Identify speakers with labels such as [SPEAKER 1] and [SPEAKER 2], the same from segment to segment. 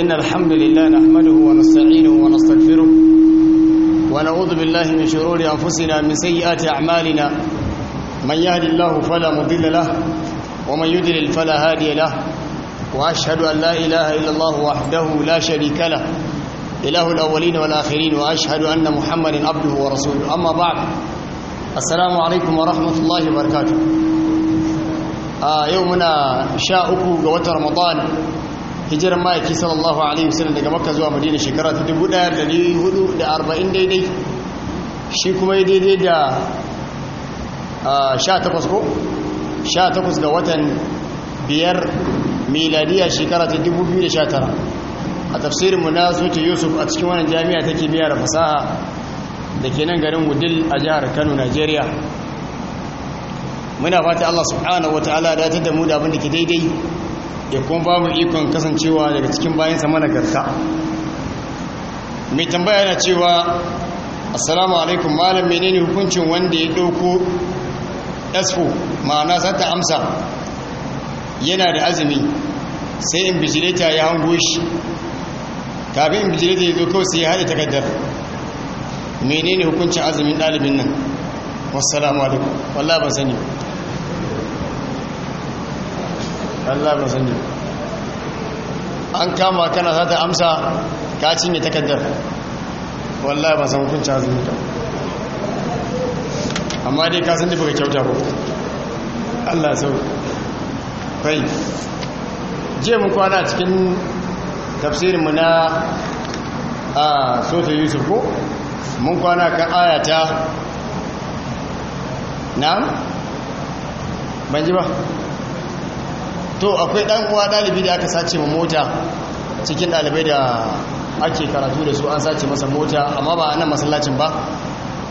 [SPEAKER 1] إن الحمد لله نحمده ونستعينه ونستغفره ونعوذ بالله من شرور أنفسنا من سيئات أعمالنا من يهد الله فلا مضل له ومن يدلل فلا هادي له وأشهد أن لا إله إلا الله وحده لا شريك له إله الأولين والآخرين وأشهد أن محمد عبده ورسوله أما بعد السلام عليكم ورحمة الله وبركاته yau muna sha uku ga watan ramadan hijirar ma'aiki sallallahu alaihi wasallam daga makka zuwa madina shekara ta dubu da da hudu da arba'in daidai shi kuma ya daidai da sha takwas ko sha takwas ga watan biyar miladiya shekara ta dubu biyu da sha tara a tafsirinmu na zuta yusuf a cikin wannan jami'a ta biya da fasaha da ke nan garin gudil a jihar kano nigeria muna fata Allah subhanahu wataala da ta mu da abin da ke daidai ya kuma ba mu ikon kasancewa daga cikin bayansa managarta mai tambaya na cewa assalamu alaikum malam menene hukuncin wanda ya dauko esfo ma'ana za ta amsa yana da azumi sai in bijireta ya hango shi kafin in ya zo sai ya haɗe takardar menene hukuncin azumin ɗalibin nan wassalamu alaikum wallah sani Allah ba sani an kama kana za ta amsa ka cinye takaddar wallahi ba san hukunci azumi ta amma dai ka san da baka kyauta ba Allah sau kai je mun kwana cikin tafsirin mu na a sota yusuf ko mun kwana kan ayata na ban ji ba to akwai dan uwa dalibi da aka sace ma mota cikin dalibai da ake karatu da su an sace masa mota amma ba nan masallacin ba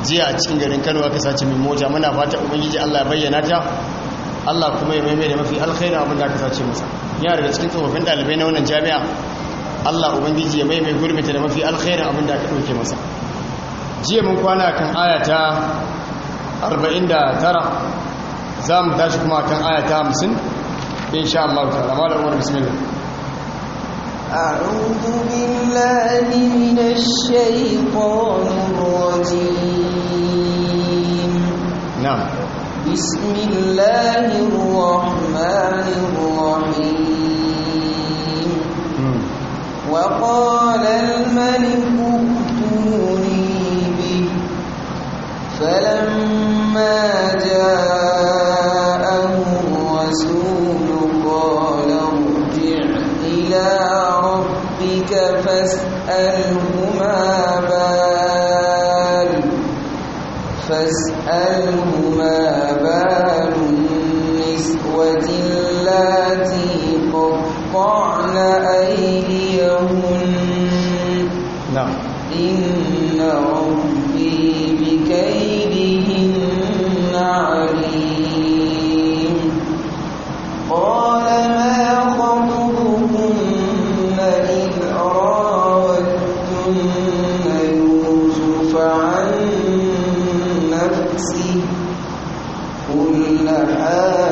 [SPEAKER 1] jiya a cikin garin Kano aka sace min mota muna fata ubangiji Allah ya bayyana ta Allah kuma ya maimaita mafi alkhairi abin da aka sace masa yana daga cikin tsofaffin dalibai na wannan jami'a Allah ubangiji ya maimai gurbinta da mafi alkhairi abin da aka dauke masa jiya mun kwana kan ayata 49 za mu tashi kuma kan ayata 50 إن شاء الله تعالى ما الأمر بسم الله
[SPEAKER 2] أعوذ بالله من الشيطان الرجيم نعم بسم الله الرحمن الرحيم وقال الملك ائتوني به فلما جاء فاسألهما بال فاسألهما بال النسوة التي قطعن أيديهن هَٰذَا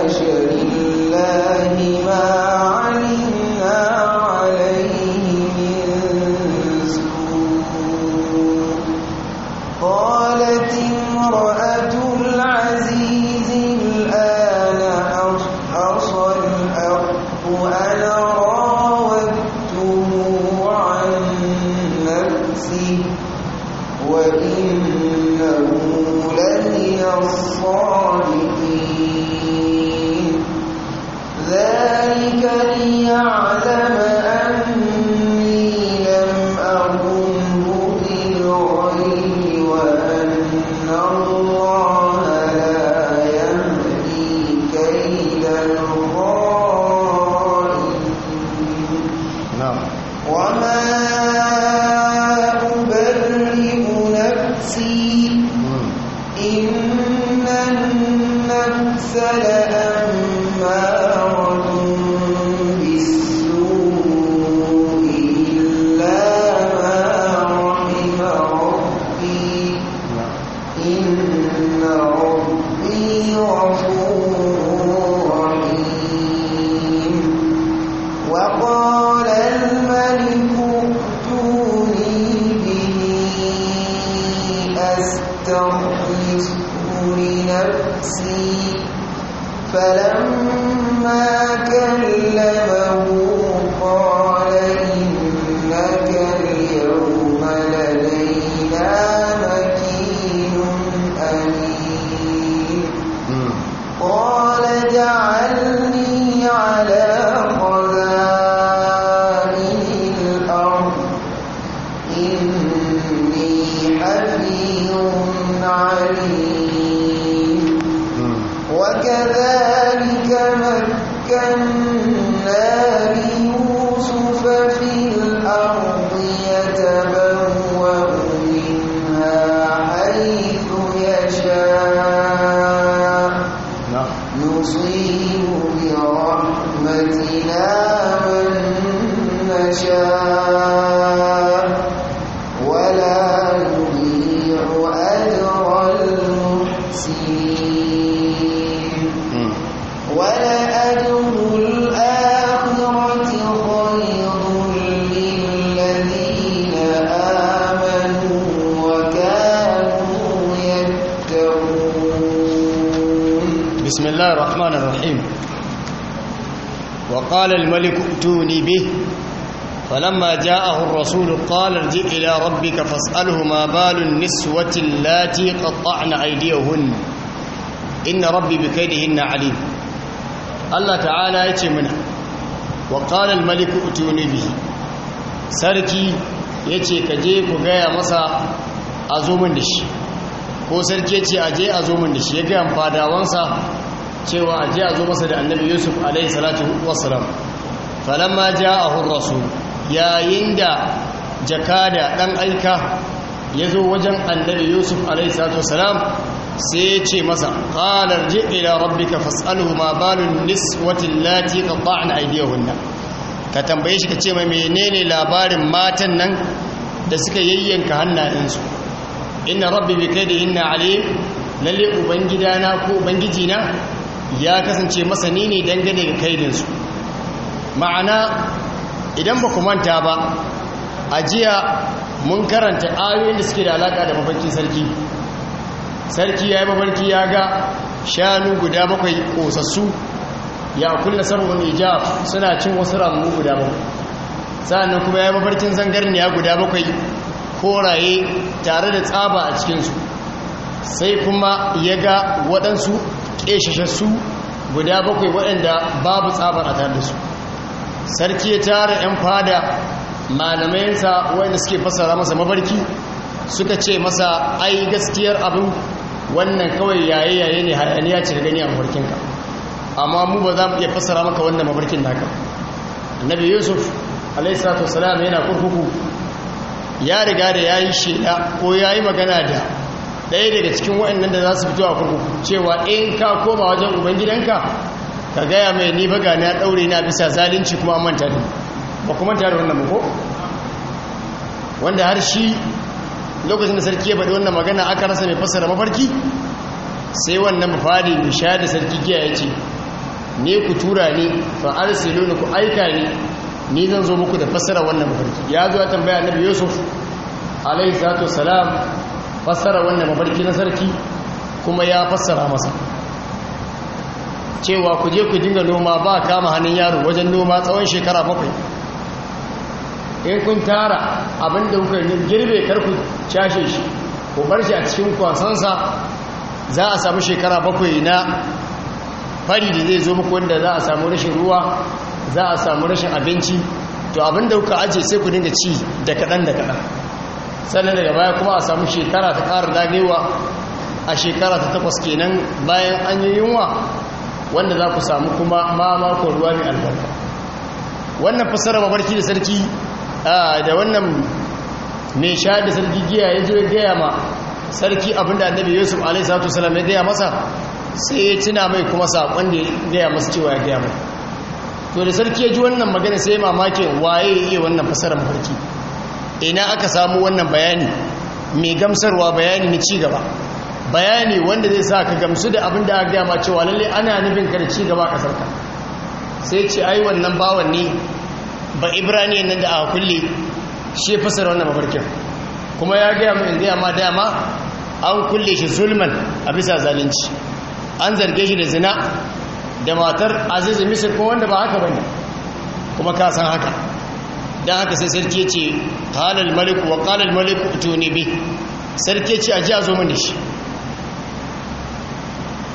[SPEAKER 1] قال الملك ائتوني به فلما جاءه الرسول قال ارجع إلى ربك فاسأله ما بال النسوة اللاتي قطعن أيديهن إن ربي بكيدهن عليم الله تعالى يتي منه وقال الملك ائتوني به sarki ya ce ka je ku gaya masa a zo min da shi ko sarki ya ce a je a zo min da shi ya gaya fadawansa cewa a je a zo masa da annabi yusuf alaihi salatu wassalam falamma a rasul yayin da jakada dan aika ya zo wajen annabi yusuf alaihi salatu Wasalam sai ya ce masa qalar ji ila rabbika fas'alhu ma balun niswati allati qata'na aydiyahunna ka tambaye shi ka ce mai menene labarin matan nan da suka yayyanka hannayensu inna rabbi bi kaydihinna alim lalle ubangidana ko ubangijina ya kasance masani ne dangane ga kaidinsu ma'ana idan ba ku manta ba a jiya mun karanta ayoyin da suke da alaƙa da mafarki sarki sarki ya yi mafarki ya ga shanu guda bakwai ƙosassu ya kulle sarwar Nijab suna cin wasu ramu guda bakwai sa'annan kuma ya yi mafarkin zangarniya guda bakwai koraye tare da tsaba a cikinsu sai kuma ya ga waɗansu su guda bakwai waɗanda babu tsabar a tare da su sarki ya tara 'yan fada malamayinsa waɗanda suke fasara masa mabarki suka ce masa ai gaskiyar abin wannan kawai yaye-yaye ne hayaniya ce da gani a mabarkinka amma mu ba za mu iya fasara maka wannan mabarkin naka annabi yusuf alaihissalatu wasalam yana kurkuku ya riga da ya yi ko ya yi magana da ɗaya daga cikin waɗannan da za su fito a kurkuku cewa in ka koma wajen ubangidanka ka gaya mai ni baga na ɗaure na bisa zalunci kuma an manta da ba kuma manta da wannan ko wanda har shi lokacin da sarki ya faɗi wannan magana aka rasa mai fassara mafarki sai wannan mafadi mai sha da sarki giya ya ce ne ku tura ne, fa arsilu ku aika ne, ni zan zo muku da fassara wannan mafarki ya zo ya tambaya annabi yusuf alaihi salatu salam fassara wannan mafarki na sarki kuma ya fassara masa cewa ku je ku dinga noma ba kama hannun yaro wajen noma tsawon shekara bakwai in kun tara abinda kuka girbe karku cashe shi ku bar shi a cikin kwasansa za a samu shekara bakwai na fari da zai zo muku wanda za a samu rashin ruwa za a samu rashin abinci to abinda kuka ajiye sai ku dinga ci da kaɗan da kaɗan sannan daga baya kuma a samu shekara ta ƙara dagewa a shekara ta takwas kenan bayan an yi yunwa wanda za ku samu kuma mamakon ruwa mai albarka wannan fassara mafarki da sarki da wannan mai sha da sarki giya ya zo ya gaya ma sarki abinda annabi yusuf alaihissalatu salam ya gaya masa sai ya tuna mai kuma saƙon da ya gaya masa cewa ya gaya mai to da sarki ya ji wannan magana sai mamakin waye ya iya wannan fassara mafarki ina aka samu wannan bayani mai gamsarwa bayani na cigaba bayani wanda zai sa ka gamsu da abin da aka gama cewa lalle ana nufin kar cigaba a ƙasarka sai ce ai wannan bawan ne ba ibraniyan nan da aka kulle shi ya fasara wannan mafarkin kuma ya gaya mu in gaya ma dama an kulle shi zulman a bisa zalunci an zarge shi da zina da matar azizu misir ko wanda ba haka bane kuma ka san haka dan haka sai sarki ce halal maliku wa maliku malik ne bi sarki ce a ji a zo mani da shi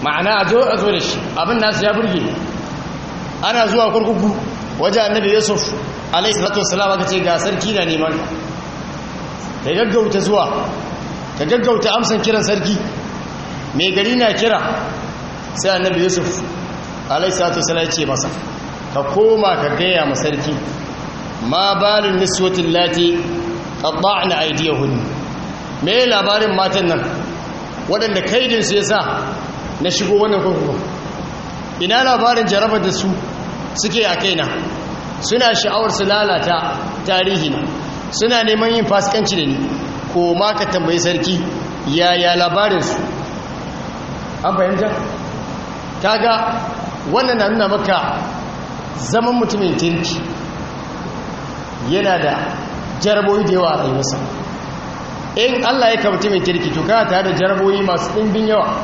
[SPEAKER 1] ma'ana a zo a zo da shi abin nasu ya burge ana zuwa kurkuku wajen annabi yusuf alaihi salatu salama aka ce ga sarki na neman ka gaggauta zuwa ka gaggauta amsan kiran sarki mai gari na kira sai annabi yusuf alaihi salatu wassalam ya ce masa ka koma ka gaya ma sarki ma balin niswatin lati qatta'na hudu me labarin matan nan waɗanda kaidinsu ya sa na shigo wannan kwakwakwa ina labarin jarabar da su suke a kaina suna sha'awar su lalata tarihi na? suna neman yin fasikanci da ni ko ma ka tambayi sarki yaya labarinsu an fahimta kaga wannan na nuna maka zaman mutumin tirki yana da jaraboyi da yawa a rayuwarsa in Allah ya kamta mai kirki to kana tare da jaraboyi masu ɗimbin yawa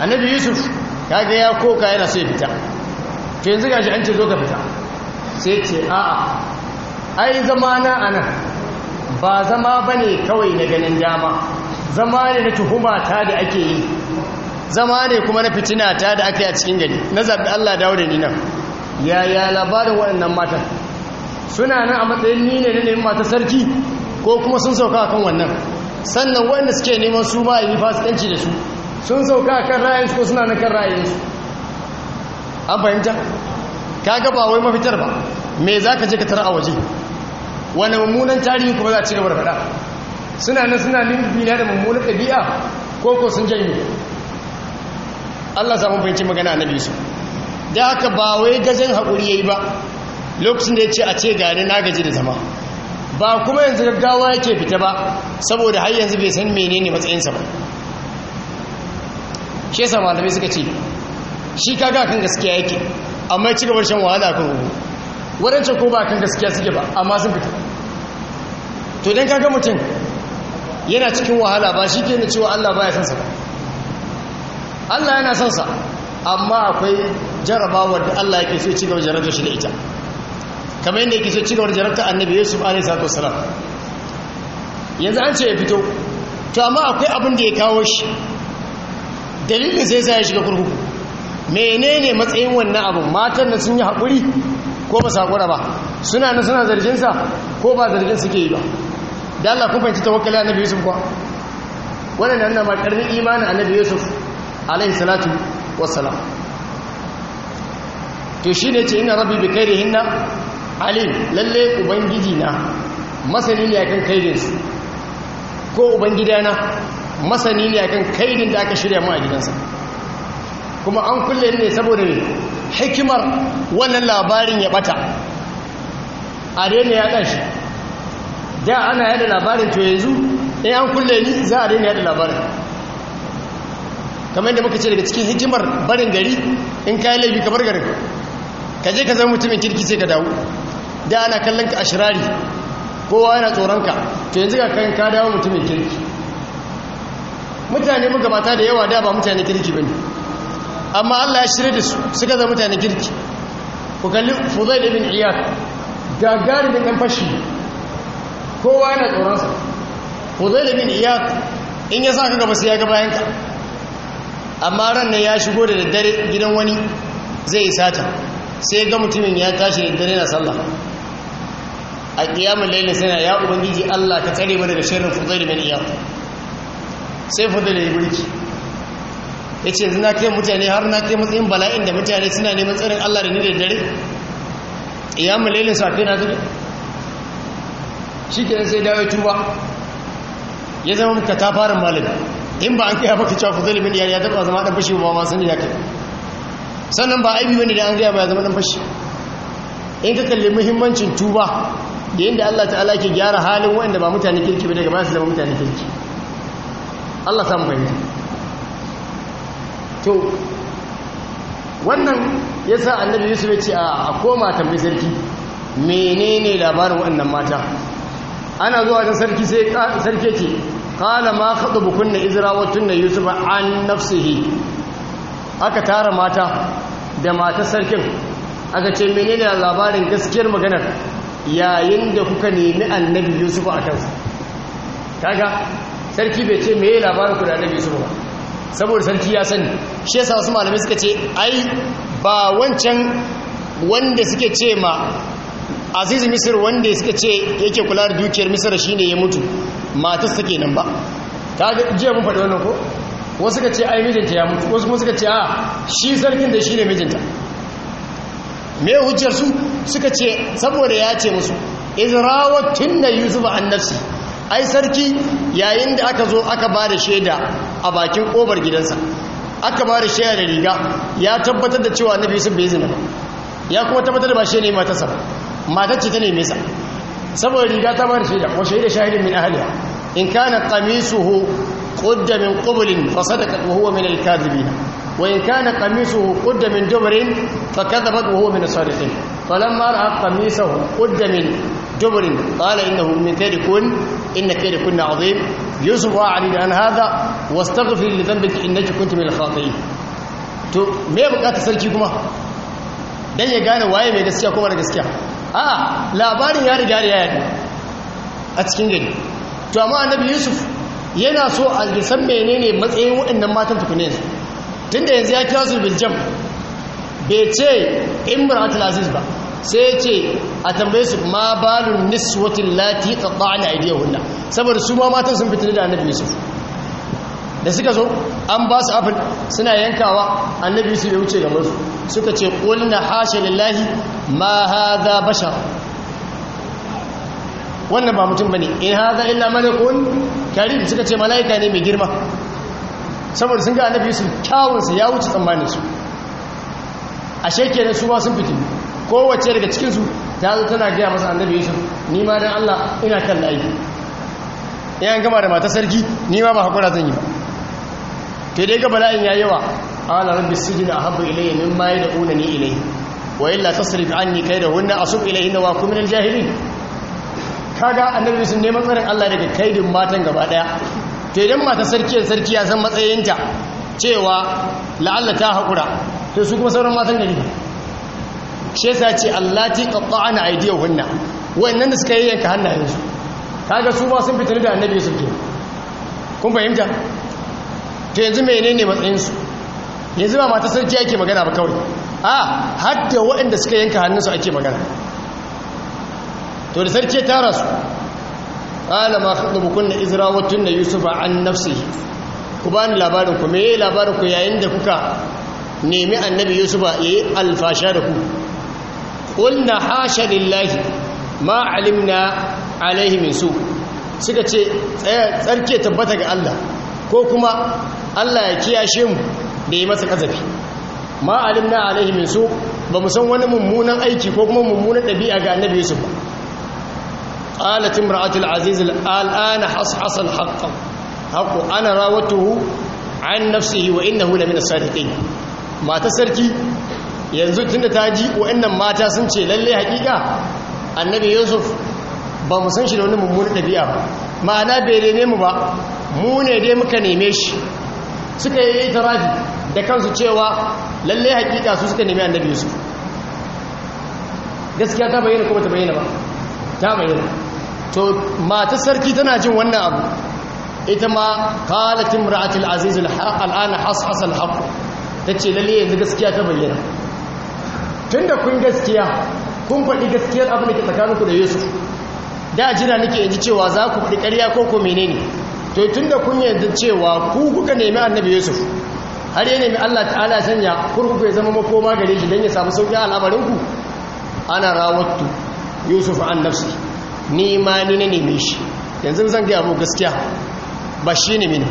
[SPEAKER 1] annabi yusuf ga ya koka yana so ya fita to yanzu gashi an ce zo ka fita sai ce a'a ai zama na anan ba zama bane kawai na ganin dama zama ne na tuhuma ta da ake yi zama ne kuma na fitina ta da aka yi a cikin gani. na zaɓi Allah dawo da ni nan yaya labarin waɗannan matan suna nan a matsayin ni ne na neman mata sarki ko kuma sun sauka kan wannan sannan wanda suke neman su ma yi fasikanci da su sun sauka kan ra'ayinsu ko suna na kan ra'ayinsu an fahimta ka ga ba wai mafitar ba me za ka je ka tara a waje wani mummunan tarihi kuma za a ci gaba da faɗa suna nan suna lingbi na da mummunan ɗabi'a ko ko sun janyo Allah samun fahimci magana na biyu su da haka ba wai gajen haƙuri ya yi ba lokacin da ya ce a ce gane na gaji da zama ba kuma yanzu gaggawa yake fita ba saboda har yanzu bai san menene matsayinsa ba shi yasa malamai suka ce shi kaga kan gaskiya yake amma ya ci gaba shan wahala kan rubu wadancan ko ba kan gaskiya suke ba amma sun fita to don kaga mutum yana cikin wahala ba shi ke na cewa Allah ba ya sansa ba Allah yana sansa amma akwai jarabawar da Allah yake so ya ci gaba jarabar shi da ita kamar yadda yake so ci gaba da jarabta annabi yusuf alaihi sato wasalam yanzu an ce ya fito to amma akwai abin da ya kawo shi dalilin sai sa ya shiga kurkuku menene matsayin wannan abin matan nan sun yi haƙuri ko ba saƙura ba suna nan suna zarginsa ko ba zargin suke yi ba da Allah kun fahimci tawakkali annabi yusuf kuwa wannan nan ma karnin imanin annabi yusuf alaihi salatu wassalam to shine ce inna rabbi bi kairihinna halin lalle ubangiji na masani ne akan kaidinsu ko ubangida na masani ne akan kaidin da aka shirya mu a gidansa kuma an kulle ne saboda ne hikimar wannan labarin ya bata a daina ya ɗan shi da ana yada labarin to yanzu in an kulle ni za a daina yada labarin kamar yadda muka ce daga cikin hikimar barin gari in kayi laifi ka bar garin ka je ka zama mutumin kirki sai ka dawo da ana kallon ka ashirari kowa yana tsoron ka to yanzu ga kayan ka dawo mutumin kirki mutane magabata da yawa da ba mutane kirki bane amma Allah ya shirye da su suka zama mutane kirki ku kalli Fudail ibn Iyad gagari da dan fashi kowa yana tsoron sa Fudail ibn Iyad in ya sa ka gaba sai ya ga bayan ka amma ran ne ya shigo da daddare gidan wani zai sata sai ga mutumin ya tashi da daddare na sallah a ƙiyamun laila suna ya ubangiji Allah ka tsare mana da shirin fuzail bin iyad sai fuzail ya mulki ya ce zina kai mutane har na kai matsayin bala'in da mutane suna neman tsarin Allah da ni da dare ƙiyamun laila su kai na zuwa shi kenan sai dawo ya tuba ya zama ka ta fara malami in ba an kai baka cewa fuzail bin iyad ya taba zama dan fashi ba ma sani ya kai sannan ba aibi bane da an gaya ba ya zama dan fashi in ka kalli muhimmancin tuba da yadda Allah ta'ala ke gyara halin wanda ba mutane kirki ba daga ba su zama mutane kirki Allah samu fahimta to wannan ya sa annabi yusuf ya ce a koma tambayi sarki menene labarin wannan mata ana zuwa ta sarki sai sarki ce kala ma kaɗa bukun na izrawatun na yusuf an nafsihi aka tara mata da mata sarkin aka ce menene labarin gaskiyar maganar yayin da kuka nemi annabi yusuf a kansu kaga sarki bai ce mai labarin ku da annabi yusuf ba saboda sarki ya sani shi yasa wasu malamai suka ce ai ba wancan wanda suke ce ma azizu misir wanda suka ce yake kula da dukiyar misir shi ne ya mutu matas ke nan ba Ta ga jiya mun faɗi wannan ko wasu suka ce ai mijinta ya mutu wasu kuma suka ce a shi sarkin da shi ne mijinta me hujjar su suka ce saboda ya ce musu izrawatin na yusuf an nafsi ai sarki yayin da aka zo aka ba da shaida a bakin ƙobar gidansa aka ba da shaida da riga ya tabbatar da cewa na yusuf bai zina ba ya kuma tabbatar da ba shi ne matarsa ba matar ce ta neme sa saboda riga ta ba da shaida wa shaida shahidin min ahliya in kana qamisuhu qudda min qablin fa sadaqat wa huwa min al-kadhibin وإن كان قميصه قد من دبر فكذبت وهو من الصادقين فلما رأى قميصه قد من دبر قال إنه من كيدكن إن كيدكن عظيم يوسف أعرض عن هذا واستغفر لذنبك إنك كنت من الخاطئين to me bukata sarki kuma dan ya gane waye mai gaskiya ko da gaskiya a'a labarin ya riga ya a cikin gari to amma annabi yusuf yana so a gisan menene matsayin waɗannan matan tukune. su tunda yanzu ya kira su bil jam bai ce imratul aziz ba sai ce a tambaye su ma balun niswatin lati tsadda'ana aidiyahunna saboda su ma matan sun fitina da annabi yusuf da suka zo an ba su abin suna yankawa annabi yusuf ya wuce gaban su suka ce kulna hashe lillahi ma hadha bashar wannan ba mutum ba ne, in hadha illa malakun karim suka ce malaika ne mai girma saboda sun ga annabi yusuf kyawunsa ya wuce tsammanin su ashe kenan su ba sun fiti kowace daga cikinsu ta zo tana gaya masa annabi yusuf ni ma dan allah ina kan aiki yan gama da mata sarki ni ma ba hakura zan yi ba ke dai ga bala'in ya yawa ala rabbi sijin ahabbu da mimma ni ilayhi wa illa tasrif anni kaydahunna asub ilayhinna wa akum min al-jahilin kaga annabi sun neman tsarin allah daga kaidin matan gaba daya to idan mata sarki da sarki ya san matsayinta cewa la'alla ta haƙura to su kuma sauran matan gari shi yasa ce allati qatta'ana hunna wayannan da suka yayyanka hannayensu kaga su ba sun fitar da annabi su ke kun fahimta to yanzu menene matsayin su yanzu ba mata sarki ake magana ba kawai a hadda waɗanda suka yanka hannunsu ake magana to da sarki ya tara su kala ma khatabukunna izrawatun yusufa an nafsihi ku bani labarin ku me labarin ku yayin da kuka nemi annabi yusufa yayi alfasha da ku qulna hasha lillahi ma alimna alaihi min su suka ce tsarke tabbata ga Allah ko kuma Allah ya kiyashe mu da yi masa kazafi ma alimna alaihi min su ba mu san wani mummunan aiki ko kuma mummunan ɗabi'a ga annabi Yusufa? قالت امرأة العزيز الآن حصحص الحق حق أنا راوته عن نفسه وإنه لمن الصادقين ما تسركي yanzu tunda ta ji wa'annan mata sun ce lalle hakika annabi yusuf ba mu san shi da wani mummunan ɗabi'a ba ma'ana bai neme mu ba mu ne dai muka neme shi suka yi itirafi da kansu cewa lalle hakika su suka nemi annabi yusuf gaskiya ta bayyana ko ta bayyana ba ta mai to mata sarki tana jin wannan abu ita ma qalat imra'at al-aziz al'ana ana hasas al tace lalle yanzu gaskiya ta bayyana tunda kun gaskiya kun faɗi gaskiyar abin da ke tsakaninku da Yusuf da jira nake ji cewa za ku faɗi ƙarya ko ko menene to tunda kun yanzu cewa ku kuka nemi annabi Yusuf har ya nemi Allah ta'ala sanya kurkuku ya zama makoma gare shi don ya samu sauƙi al'amarinku ana rawattu yusuf an nafsi ni ma ni ne neme shi yanzu zan gaya mu gaskiya ba shi ne mini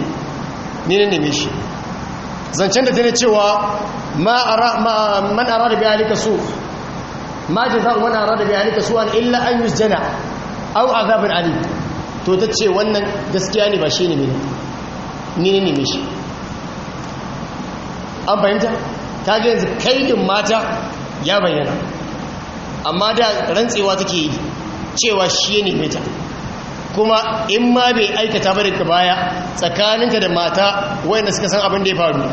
[SPEAKER 1] ni ne neme shi zancen da dare cewa man ara da biya su ma jaza wani ara da biya alika su an illa an yusjana au azabin ali to ta ce wannan gaskiya ne ba shi ne mini ni ne neme shi an fahimta ta ga yanzu kaidin mata ya bayyana amma da rantsewa take yi cewa shi ne ta kuma in ma bai aikata ba daga baya tsakaninta da mata wayanda suka san abin da ya faru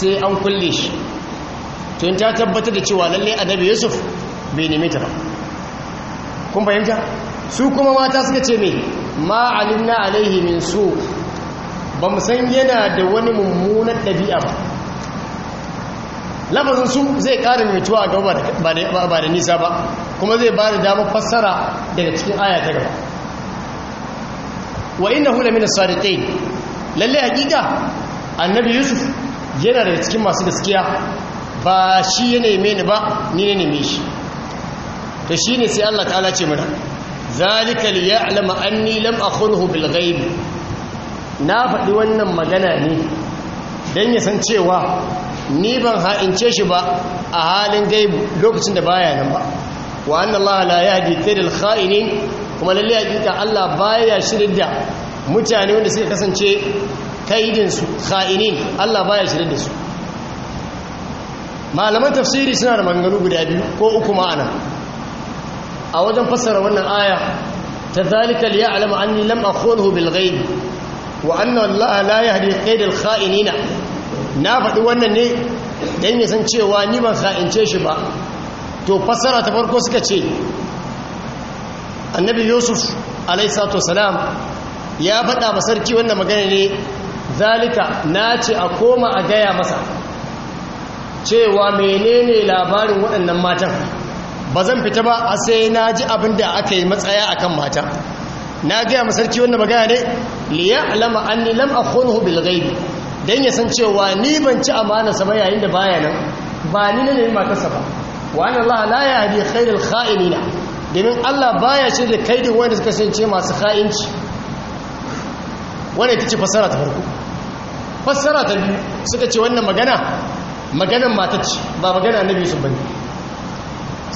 [SPEAKER 1] sai an kulle shi to ta tabbatar da cewa lalle annabi yusuf bai nemi ta ba kun fahimta su kuma mata suka ce me ma alimna alaihi min su ba mu san yana da wani mummunar ɗabi'a ba lafazin su zai ƙara mutuwa a gaba ba da nisa ba kuma zai ba da damar fassara daga cikin aya ta gaba wa inna hula mina sadiqai lalle hakika annabi yusuf yana daga cikin masu gaskiya ba shi ya neme ni ba ni ne neme shi to shine sai Allah ta'ala ce mana zalika li ya'lama anni lam akhunhu bil ghaib na faɗi wannan magana ne dan ya san cewa ni ban ha'ince shi ba a halin gaibu lokacin da baya nan ba wa anna allaha la yahdi kaydal kha'inin kuma lalle hakika Allah baya shirin da mutane wanda suka kasance kaidin su kha'inin Allah baya shirin da su malaman tafsiri suna da maganganu guda biyu ko uku ma'ana a wajen fassara wannan aya ta zalika yalam anni lam akhunhu bil ghaib wa anna allaha la yahdi kaydal kha'inina na faɗi wannan ne don ya san cewa ni ban sa'ince shi ba to fassara ta farko suka ce annabi yusuf alaihissalatu salam ya faɗa ba sarki wannan magana ne zalika na ce a koma a gaya masa cewa menene labarin waɗannan matan ba zan fita ba a sai na ji abin da aka yi matsaya a kan mata na gaya masarki wannan magana ne liya alama an lam a bil ghaibi don ya san cewa ni ban ci amana sama yayin da baya nan ba ni ne nemi matarsa ba wa anna Allah la hadi khairul kha'inina domin Allah baya shi da kaidin wanda suka sance masu kha'inci wanda ita ce fassara ta farko fassara ta biyu suka ce wannan magana maganan matar ce ba magana annabi Yusuf bane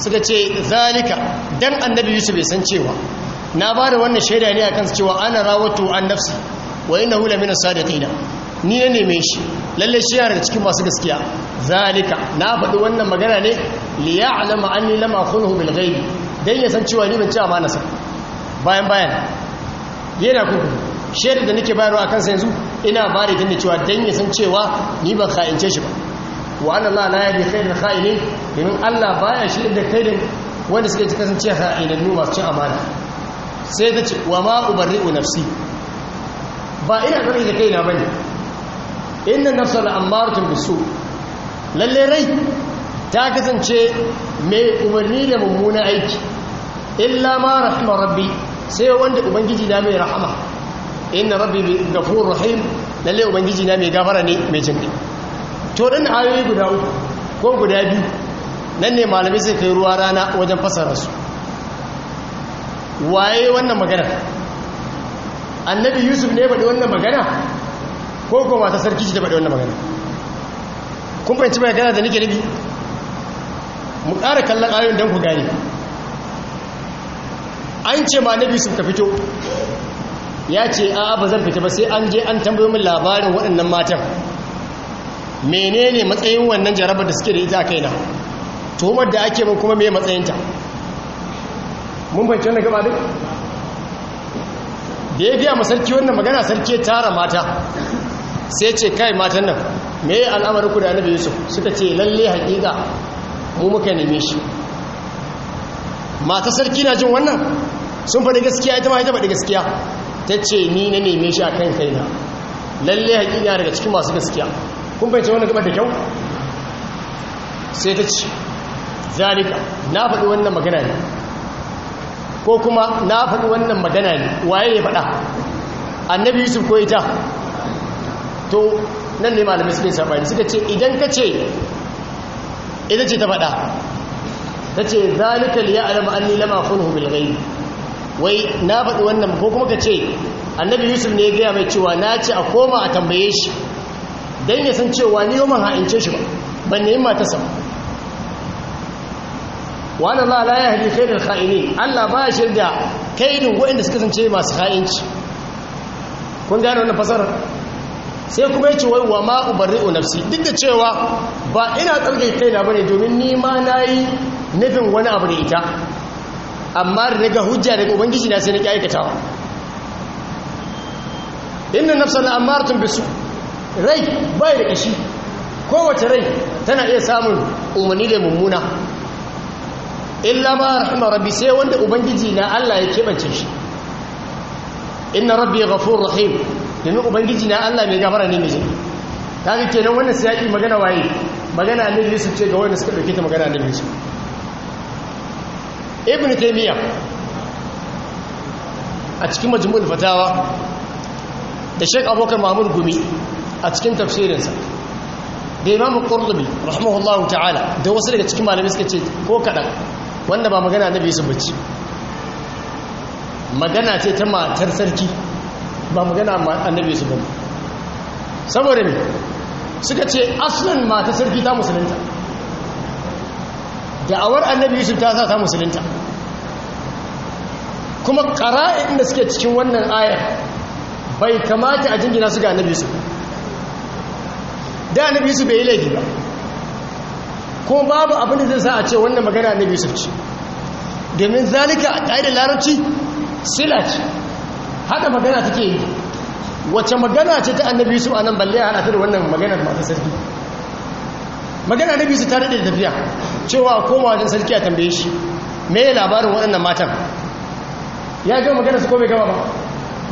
[SPEAKER 1] suka ce zalika dan annabi Yusuf bai san cewa na ba da wannan shaida ne akan cewa ana rawatu an nafsi wa innahu lamina sadiqina ni ya neme shi lalle shi yana da cikin masu gaskiya zalika na faɗi wannan magana ne li an anni lama akhunhu bil ghaib dan ya san cewa ni ban ci amana bayan bayan yana kuku shaidar da nake bayarwa akan sa yanzu ina bare da cewa dan ya san cewa ni ban ce shi ba wa anna la kai yahdi khairul kha'inin domin Allah baya shi da kairin wanda suke ci kasance kha'inannu masu cin amana sai ta ce wa ma ubarri'u nafsi ba ina gari da kaina bane inna nafsa la'ammaratun bisu lalle rai ta kasance mai umarni da mummunan aiki illa ma rahma rabbi sai wanda ubangiji na mai rahama inna rabbi gafur rahim lalle ubangiji na mai gafara ne mai jinkai to dan ayoyi guda uku ko guda biyu nan ne malamai sai kai ruwa rana wajen fasara su waye wannan magana annabi yusuf ne faɗi wannan magana ko ko mata sarki ce ta faɗi wannan magana kun fahimci mai gana da nake nufi mu ƙara kallon ayoyin don ku gane an ce ma nabi sun ka fito ya ce a ba zan fita ba sai an je an tambayo min labarin waɗannan matan menene matsayin wannan jarabar da suke da ita a kaina tuhumar da ake min kuma me matsayinta mun fahimci wannan gaba dai da ya biya masarki wannan magana sarki tara mata sai ce kai matan nan me yi al'amarin ku da annabi yusuf suka ce lalle haƙiƙa mu muka neme shi mata sarki na jin wannan sun faɗi gaskiya ita ma ita faɗi gaskiya ta ce ni na neme shi a kan kaina lalle haƙiƙa daga cikin masu gaskiya kun fahimci wannan gaba da kyau sai ta ce zalika na faɗi wannan magana ne ko kuma na faɗi wannan magana ne waye ya faɗa annabi yusuf ko ita to nan ne malamai suka yi ne suka ce idan ka ce ita ce ta faɗa ta ce zalika liya alama an lama kunhu bil ghaib wai na faɗi wannan ko kuma ka ce annabi yusuf ne ya gaya mai cewa na ce a koma a tambaye shi don ya san cewa ni yau man ha'ince shi ba ban yi mata sama wani Allah la ya haɗi kairin ha'ini Allah ba shirya kairin wa'inda suka kasance masu ha'inci kun gane wannan fasarar sai kuma ya ce wai wa ma ubarri'u nafsi duk da cewa ba ina tsarkake kaina bane domin ni ma nayi nufin wani abu da ita amma daga hujja da ubangiji na sai na aikatawa inna nafsan amartum bisu rai bai da ƙashi kowace rai tana iya samun umarni da mummuna illa ma rahma rabbi sai wanda ubangiji na Allah ya kebance shi inna rabbi ghafurur rahim domin ubangiji na Allah mai gafara ne mai kaga kenan wannan sai magana waye magana ne yesu ce ga wanda suka dauke ta magana annabi Yusuf Ibn taimiyya. a cikin majmu'ul fatawa da Sheikh Abubakar Mahmud Gumi a cikin tafsirinsa da imamu Qurtubi rahimahullahu ta'ala da wasu daga cikin malamai suka ce ko kadan wanda ba magana annabi Yusuf bace magana ce ta matar sarki ba magana annabi su bane saboda ne suka ce asalin mata sarki ta musulunta awar annabi yusuf ta sa ta musulunta kuma ƙara'in da suke cikin wannan ayar bai kamata a jingina su ga annabi yusuf da annabi yusuf bai yi laifi ba kuma babu abin da zai sa a ce wannan magana annabi yusuf ce domin zalika a ƙa'idar larabci sila ce haka magana take yi wacce magana ce ta annabi su anan balle a haɗa wannan magana da masu sarki magana annabi su ta da tafiya cewa koma wajen sarki a tambaye shi me ya labarin waɗannan matan ya gama magana su ko bai gama ba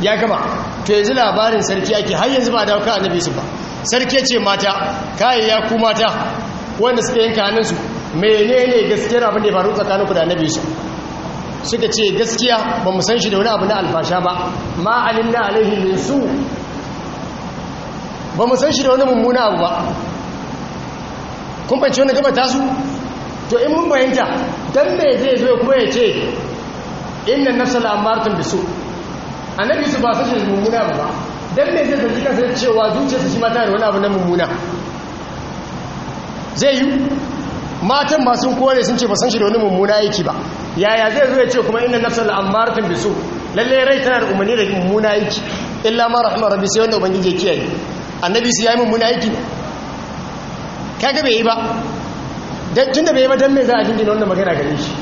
[SPEAKER 1] ya gama to yanzu labarin sarki ake har yanzu ba dawo annabi su ba sarki ce mata kai ya ku mata wanda suka yanka hannunsu menene gaskiyar abin da ya faru tsakaninku da annabi su suka ce gaskiya ba mu san shi da wani abu na alfasha ba ma na alaihi min su ba mu san shi da wani mummuna abu ba kuma ce wani gaba tasu to in mun bayanta dan me zai zo kuma ya ce inna nafsa la'amartun bisu annabi su ba shi mummuna ba dan me zai zai kansa cewa su shi mata da wani abu na mummuna zai yi matan masu sun kore sun ce ba san shi da wani mummuna aiki ba yaya zai zo ya ce kuma inna nafsal ammaratun bisu lalle rai tana da umarni da mummuna aiki illa ma rahma rabbi sai wanda ubangiji ya kiyaye annabi sai yayi mummuna aiki kaga bai yi ba dan tunda bai yi ba dan me za a jingina wannan magana gare shi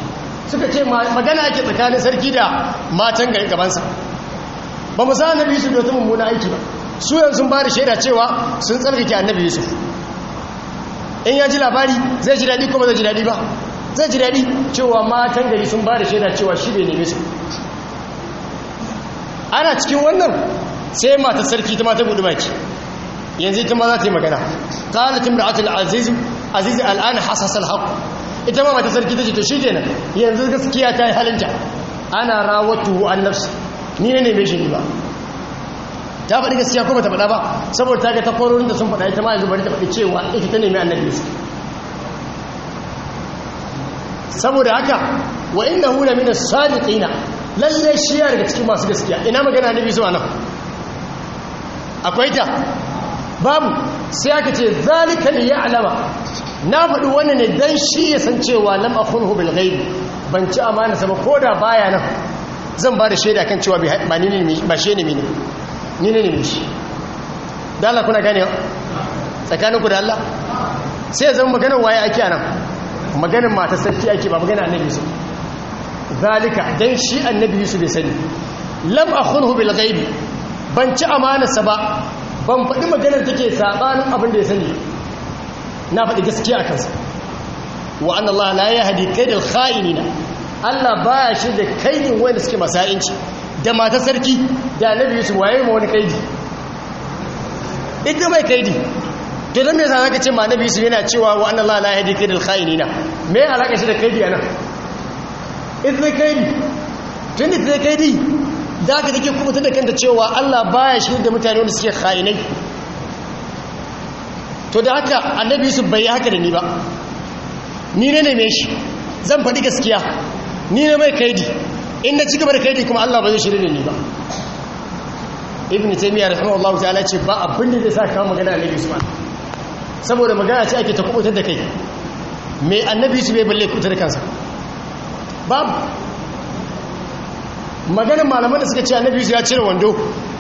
[SPEAKER 1] suka ce magana ake tsakanin sarki da matan gari gabansa ba mu sa annabi su da wata mummuna aiki ba su yanzu ba da shaida cewa sun tsarkake annabi yusuf in ya ji labari zai ji daɗi kuma zai ji daɗi ba zai ji daɗi cewa matan gari sun ba da shaida cewa shi bai neme su ana cikin wannan sai mata sarki ta mata gudu baki yanzu ita ma za ta yi magana qalat da aziz aziz al'an hasasa al haku ita ma mata sarki ta ce to shikenan yanzu gaskiya ta yi halinta ana rawatu an nafsi ni ne ne shi ba ta faɗi gaskiya ko bata faɗa ba saboda ta ga ta kororin da sun faɗa ita ma yanzu bari ta faɗi cewa ita ta nemi annabi yusuf saboda haka wa inna hula mina sadiqina lallai shi ya daga cikin masu gaskiya ina magana annabi yusuf nan akwai ta babu sai aka ce zalika li ya'lama na faɗi wannan ne dan shi ya san cewa lam akhunhu bil ghaib ban ci amana sama ko da baya nan zan ba da shaida kan cewa ba ni ne ba ni ne nemi da Allah kuna gane tsakaninku da Allah sai zama maganar waye ake nan maganar mata sarki ake ba maganar annabi su. zalika dan shi annabi su bai sani lam akhunhu bil ghaibi ban ci amanarsa ba ban faɗi maganar take sabanin abin da ya sani na faɗi gaskiya a kansa wa anna Allah la yahdi kaidal kha'inina Allah baya shi da kaidin wanda suke masa'inci. da mata sarki da biyu yusuf waye ma wani kaidi ita mai kaidi to dan me yasa zaka ce ma biyu yusuf yana cewa wa anna allaha la yahdi da khayinina me alaka shi da kaidi anan ita kaidi tun ita kaidi zaka take kubuta da kanta cewa Allah baya shi da mutane wanda suke khainai to da haka annabi yusuf bai yi haka da ni ba ni ne neme shi zan faɗi gaskiya ni ne mai kaidi inda ci gaba da ne kuma Allah ba zai shirye da ni ba ibn taymiya Allah ta'ala ce ba abin da zai sa ka magana annabi usman saboda magana ce ake ta kubutar da kai me annabi su bai balle kubutar kansa ba magana malaman da suka ce annabi su ya cire wando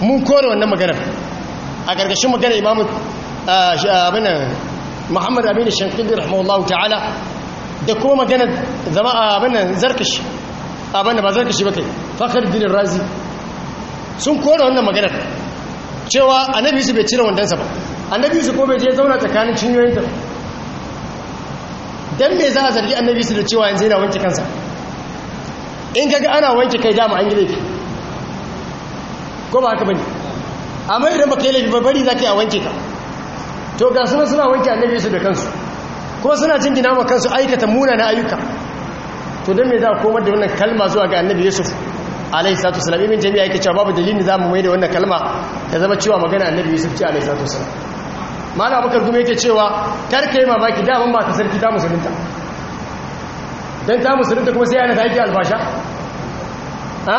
[SPEAKER 1] mun kore wannan magana a gargashin magana imamu abinan muhammad aminu shankindi rahimahullahu ta'ala da kuma magana zama abinan zarkashi abinda ba zai kashi ba kai fakar dinin razi sun kone wannan maganar cewa annabi su bai cire wandonsa ba annabi su ko bai je zauna tsakanin ta dan me za a zargi annabi su da cewa yanzu yana wanke kansa in kaga ana wanke kai dama an yi laifi ko ba haka bane amma idan baka yi laifi ba bari ka yi a wanke ka to ga suna suna wanke annabi su da kansu ko suna jin wa kansu aikata munana ayyuka to don me za a komar da wannan kalma zuwa ga annabi yusuf alaihi salatu wasalam ibn jami'a yake cewa babu dalilin za mu mai da wannan kalma ya zama cewa magana annabi yusuf ce alaihi salatu wasalam malam abubakar kuma yake cewa kar yi mamaki da mun ba ka sarki ta musulunta dan ta musulunta kuma sai yana ta yake albasha ha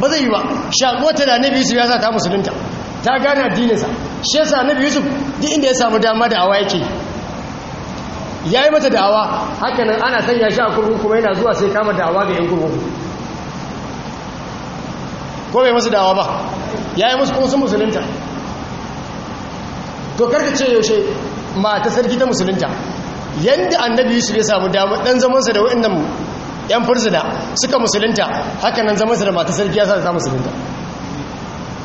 [SPEAKER 1] ba zai yi ba shakuwa ta da annabi yusuf ya sa ta musulunta ta gane addininsa shi yasa annabi yusuf duk inda ya samu dama da awa yake ya yi mata da'awa hakanan ana sanya shi a kurkuku kuma yana zuwa sai kama da'awa ga 'yan kurkuku ko bai masu da'awa ba ya yi musu kuma musulunta to karka ce yaushe mata sarki ta musulunta yadda annabi yusuf ya samu damar dan zamansa da nan yan fursuna suka musulunta hakanan zamansa da mata sarki ya sa ta musulunta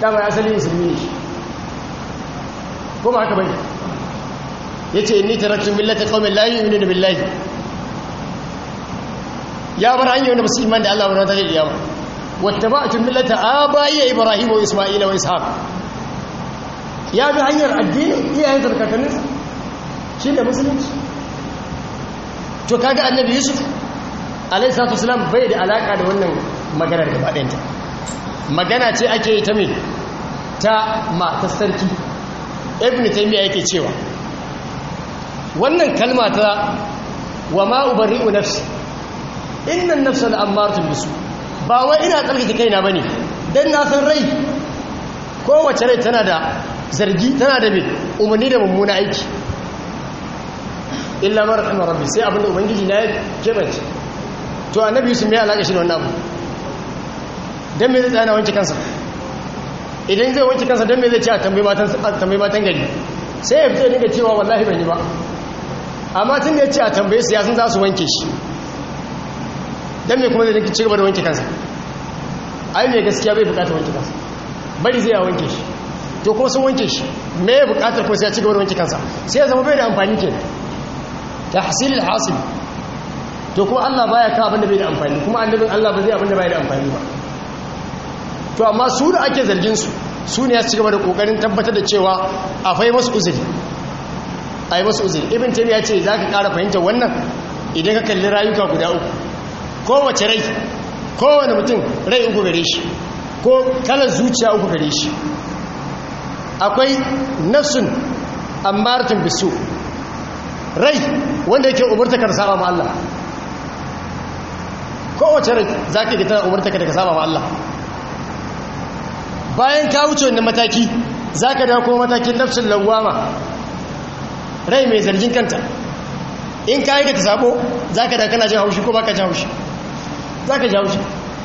[SPEAKER 1] dama ya asali musulmi ne ko ba haka bane ya yace inni taraktu millata qaumin la yu'minuna billahi ya bar hanyar wani musu iman da Allah wa ta da yawa wattaba'tu millata abai ibrahim wa isma'ila wa isha ya bi hanyar addini iya yin zarkatanin shi da musulunci to kaga annabi yusuf alaihi salatu wasalam bai da alaka da wannan maganar gaba ɗayanta magana ce ake yi ta mai ta matar sarki ibn taymiya yake cewa wannan kalma ta wa ma ubari'u nafsi innan nafsa al'ammaratun bisu ba wai ina tsarkake kaina bane dan na san rai kowace rai tana da zargi tana da bin umarni da mummuna aiki illa mara rahimar rabbi sai abinda ubangiji na ya kebanci to annabi yusuf mai alaƙa shi da wannan abu don me zai tsaya na wanke kansa idan zai wanke kansa don me zai ce a tambayi matan gari sai ya fito dinga cewa wallahi ban yi ba amma tun da ya ce a tambaye su ya sun za su wanke shi don mai kuma zai ci gaba da wanke kansa ai mai gaskiya bai bukatar wanke kansa bari zai ya wanke shi to kuma sun wanke shi me ya bukatar kuma sai ya ci gaba da wanke kansa sai ya zama bai da amfani ke ta hasilil hasil to kuma allah baya ka abin bai da amfani kuma annabin allah ba zai abinda bai da amfani ba to amma su da ake zargin su su ne ya ci gaba da kokarin tabbatar da cewa akwai masu uzuri a yi masu uzuri ibn ya ce za ka ƙara fahimta wannan idan ka kalli rayuka guda uku kowace rai kowane mutum rai uku gare shi ko kalar zuciya uku gare shi akwai nafsun martin bisu rai wanda yake umartakar saba ma Allah kowace rai za ka gita umartakar da ka saba ma Allah bayan ka wuce wannan mataki za ka dawo kuma matakin nafsun lawama rai mai zargin kanta in ka aikata sabo za ka daga kana jin haushi ko ba ka jin haushi za ka ji haushi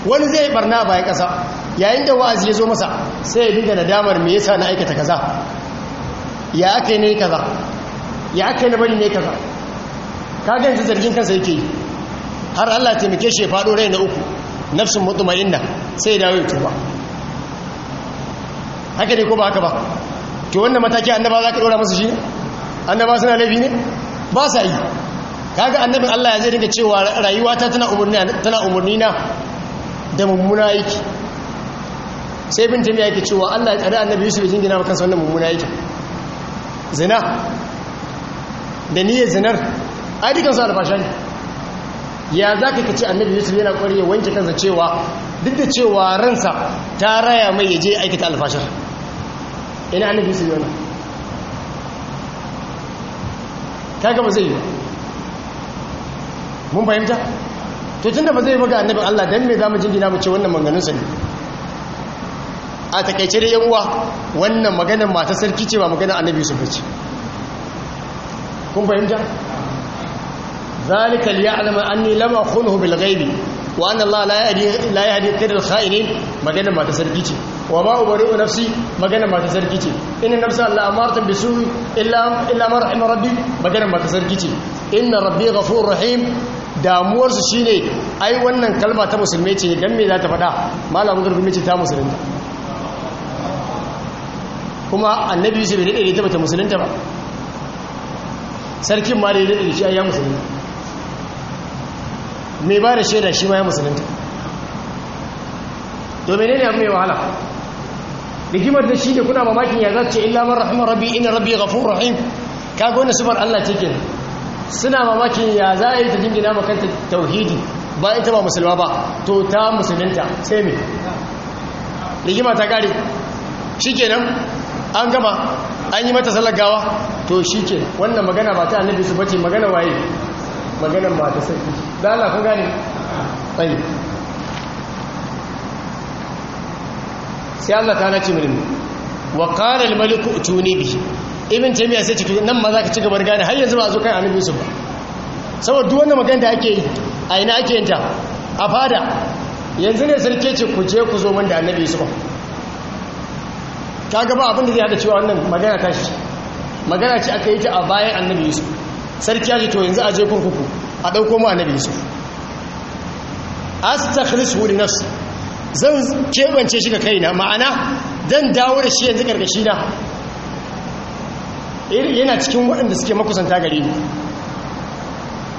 [SPEAKER 1] wani zai barna ya ƙasa yayin da wa'azi ya zo masa sai ya dinga nadamar me yasa na aikata kaza ya aka yi ne kaza ya aka yi na bari ne kaza ka gan su zargin kansa yake yi har Allah taimake shi ya faɗo rai na uku nafsin mutmainna sai ya dawo ya tuba haka ne ko ba haka ba to wannan mataki annaba za ka ɗora masa shi ne annaba suna laifi ne ba sa yi kaga annabin Allah ya zai dinga cewa rayuwata tana umurni tana umurni na da mummuna yake sai bin tabiya yake cewa Allah ya tsare annabi Yusuf ya jingina maka wannan mummuna yake zina da niyyar zinar ai dukan su alfasha ne ya za ka kace annabi Yusuf yana ya wanke kansa cewa duk da cewa ransa ta raya mai ya je aikata alfashar ina annabi Yusuf yana kaga ba zai yi mun fahimta to tun da ba zai yi ga annabin Allah dan me zamu jingina mu ce wannan manganinsa ne a takeice da yan uwa wannan maganar mata sarki ce ba maganin annabi su bace kun fahimta zalika liya'lama anni lam akhunhu bil ghaibi wa anna Allah la yahdi la yahdi al kha'inin maganar mata sarki ce wa ma ubari'u nafsi magana ba ta sarki ce inna nafsa la amartu bisu'i illa illa ma rahima rabbi magana ba ta sarki ce inna rabbi ghafur rahim damuwar su shine ai wannan kalma ta musulmai ce dan me za ta faɗa malamin gurbi ce ta musulunta kuma annabi yusuf bai dade ta bata musulunta ba sarkin ma da ya daɗe shi ya musulunta me ba da shaida shi ma ya musulunta to menene abu mai wahala hikimar da shi ne kuna mamakin ya zace illa man rabi ina rabi rabbi ghafur rahim kaga su sifar Allah take suna mamakin ya za a yi ta jingina makanta tauhidi ba ita ba musulma ba to ta musulunta sai me rigima ta kare shikenan an gama an yi mata salagawa to shike wannan magana ba ta annabi su bace magana waye maganar ta sarki da Allah kun gane tsayi sai Allah ta nace mu wa qala al malik utuni bi ibn jami'a sai cikin nan ma zaka ci gaba gane har yanzu ba zo kai annabi yusuf ba saboda duk wannan magana da ake yi a ina ake yin ta a fada yanzu ne sarki ce ku je ku zo min da annabi yusuf kaga ba abin da zai hada cewa wannan magana ta shi magana ce aka yi ta a bayan annabi yusuf sarki ya ce to yanzu a je kurkuku a dauko mu annabi yusuf astakhlisu li nafsi zan keɓance shi ga kaina ma'ana zan dawo da shi yanzu ƙarƙashi na yana cikin waɗanda suke makusanta gare ni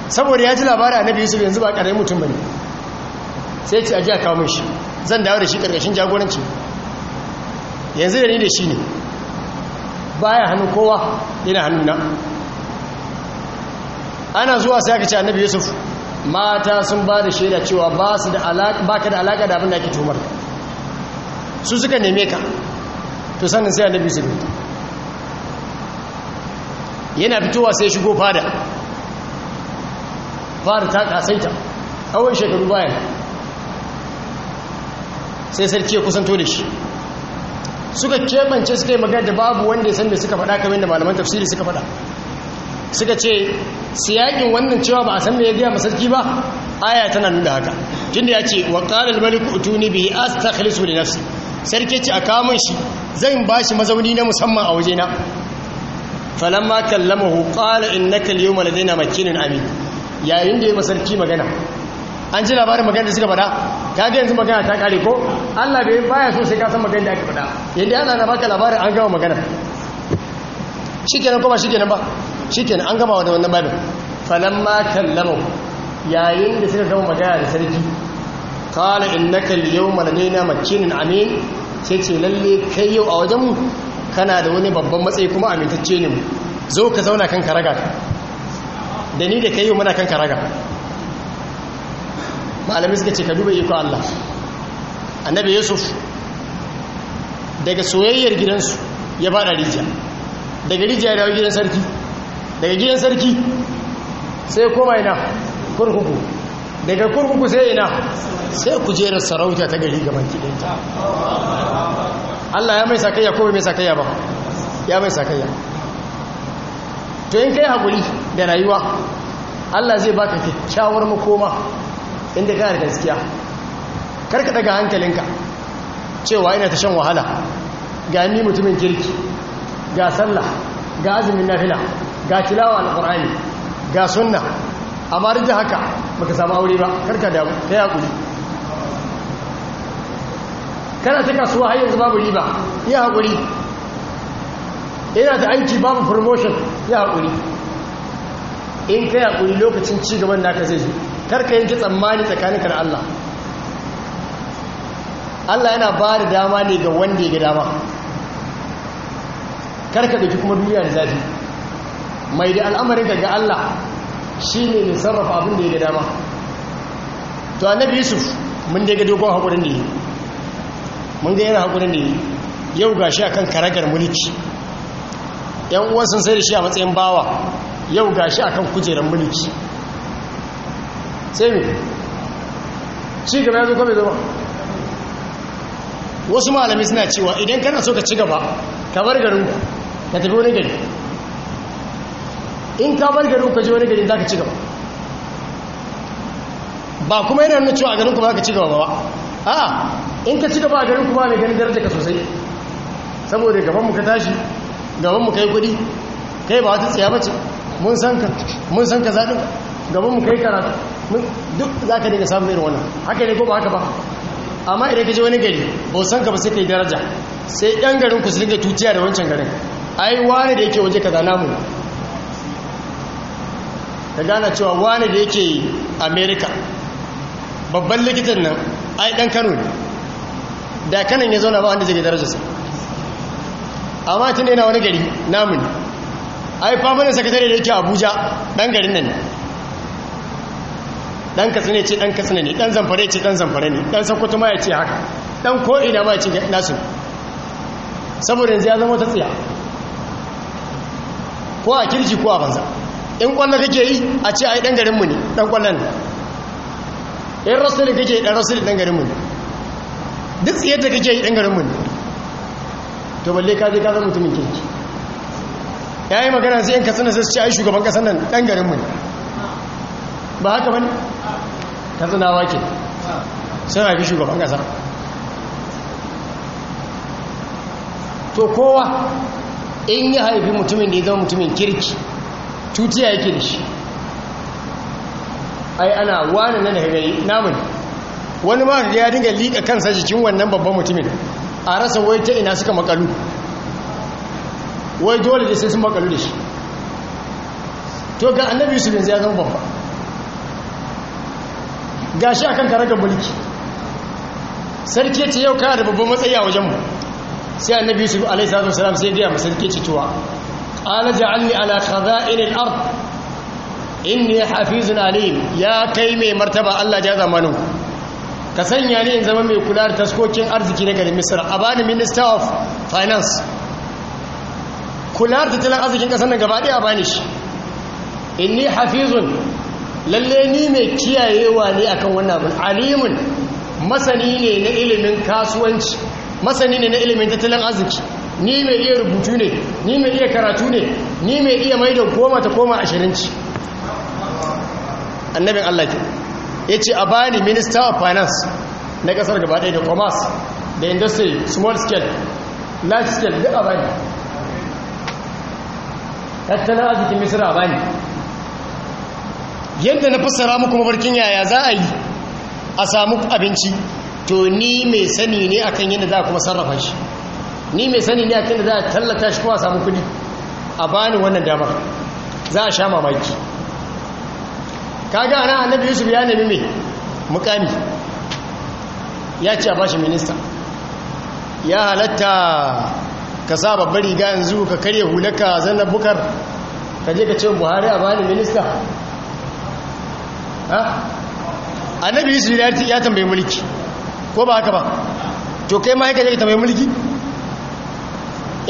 [SPEAKER 1] saboda ya ji labari a biyu yusuf yanzu ba ƙarai mutum ba ne sai ce ajiya kawo shi zan dawo da shi ƙarƙashin jagoranci yanzu da ni da shi ne baya hannun kowa yana hannuna ana zuwa sai aka ci annabi yusuf mata sun ba da shaida cewa ba su da alaƙa ba ka da alaƙa da abin da ake tumar su suka neme ka to sannan sai annabi su fito yana fitowa sai shigo fada fara ta kasaita awon shekaru bayan sai sarki ya kusanto da shi suka kebance suka yi magana da babu wanda ya san me suka faɗa kamar da malaman tafsiri suka faɗa suka ce siyakin wannan cewa ba a san me ya gaya masarki ba aya tana nuna haka tunda ya ce wa qala al-malik utuni bihi astakhlisu da nafsi sarki ce a kawo shi zan shi mazauni na musamman a wajena falamma kallamahu qala innaka al-yawma ladaina makinun amin yayin da ya masarki magana an ji labarin magana da suka faɗa ka ga yanzu magana ta kare ko Allah bai baya so sai ka san magana da aka faɗa yadda Allah na baka labarin an gama magana shikenan ko ba shikenan ba ke an gama wani wannan babin falamma lamar. yayin da suka gama magana da sarki qala innaka al malamai na makinin amin sai ce lalle kai yau a wajen kana da wani babban matsayi kuma amintacce ne mu zo ka zauna kan karaga da ni da kai yau muna kan karaga malamai suka ce ka duba iko Allah annabi yusuf daga soyayyar gidansu ya bada rijiya daga rijiya ya dawo gidan sarki daga gidan sarki sai koma ina kurkuku daga kurkuku sai ina sai kujerar sarauta ta gari gaban kidanta Allah ya mai sakayya ko mai sakayya ba ya mai sakayya to in kai hakuri da rayuwa Allah zai baka kyakkyawar makoma inda kana da gaskiya karka daga hankalinka cewa ina ta shan wahala ga ni mutumin kirki ga sallah ga azumin nafila ga tilawa alqur'ani ga sunna amma duk da haka baka samu aure ba karka damu ta ya hakuri. kana ta kasuwa har yanzu babu riba ya hakuri Ina da aiki babu promotion ya hakuri in ka hakuri lokacin ci gaban naka zai zo karka yanke tsammani tsakaninka da Allah Allah yana ba da dama ne ga wanda ya ga dama karka da kuma duniya da zafi mai da al'amarin ga Allah shi ne mai sarrafa abin da ya ga dama to annabi yusuf mun da ya ga dogon haƙurin da ya mun ga yana haƙurin da ya yau ga shi akan karagar mulki yan uwan sun sai da shi a matsayin bawa yau ga shi akan kujerar mulki sai ne ci gaba ya zo kome zama wasu malami suna cewa idan kana so ka ci gaba ka bar garin ka tafi wani gari in ka bar garin ka je wani garin za ka ci gaba ba kuma yana nuna cewa a garin ku ba ka ci gaba ba a in ka ci gaba a garin ku ba mai ganin daraja ka sosai saboda gaban mu ka tashi gaban mu kai kuɗi kai ba wata tsaya bace mun san ka mun san ka zaɗin gaban mu kai karatu duk za ka dinga samun irin wannan haka ne ko ba haka ba amma idan ka je wani gari ba san ka ba sai ka yi daraja sai yan garin ku su dinga tuciya da wancan garin ai wani da yake waje kaza namu ka gane cewa wani da yake Amerika babban likitan nan ai dan kano ne da kanan ya zauna ba wanda zai darajarsa amma tun da yana wani gari namu ne ai famanin sakatare da yake abuja dan garin nan ne dan katsina ce dan katsina ne dan zamfare ce dan zamfare ne dan sokoto ma ya ce haka dan ko'ina ma ya ce nasu saboda yanzu ya zama ta tsiya ko a kirki ko a banza in kwallon kake yi a ce a yi garin mu ne ɗan kwallon ne in rasulun kake yi ɗan rasulun ɗan garin mu ne duk tsiyar da kake yi ɗan garin mu ne to balle ka zai ka zama mutumin kirki ya yi magana sai in katsina sai su ce yi shugaban kasan nan ɗan garin mu ne ba haka bane katsinawa wake sai fi shugaban kasa to kowa in ya haifi mutumin da ya zama mutumin kirki tutiya yake da shi ai ana wani nan da gari namun wani ma da ya dinga liƙa kansa jikin wannan babban mutumin a rasa wai ta ina suka makalu wai dole da sai sun makalu da shi to ga annabi su yanzu ya zama babba ga shi akan karagar mulki sarki ce yau kana da babban matsayi a wajenmu sai annabi su alaihi salatu wasalam sai gaya ma sarki ce tuwa قال اجعلني على خزائن الأرض inni hafizun alim ya kai mai martaba Allah ja zamanu ka sanya ni in zama mai kula da taskokin arziki na garin Misra a bani minister of finance kula da tattalin arzikin kasar nan gaba daya a bani shi inni hafizun lalle ni mai kiyayewa ne akan wannan abin alimun masani ne na ilimin kasuwanci masani ne na ilimin tattalin arziki ni mai iya rubutu ne ni mai iya karatu ne ni mai iya mai da koma ta koma ashirinci annabin Allah ke ya ce a bani minister of finance na kasar gaba ɗaya da commerce da industry small scale large scale duk a bani tattalin arzikin misira a bani yadda na fassara muku mafarkin yaya za a yi a samu abinci to ni mai sani ne akan yadda za a kuma sarrafa shi ni mai sani ne a kan da za a tallata shi kowa samu kudi a bani wannan dama za a sha mamaki kaga ana annabi yusuf ya nemi mai mukami ya ce a bashi minista ya halatta ka sa babbar riga yanzu ka karye hulaka zanna bukar ka je ka ce buhari a bani minista annabi yusuf ya tambayi mulki ko ba haka ba to kai ma haka je ka tambayi mulki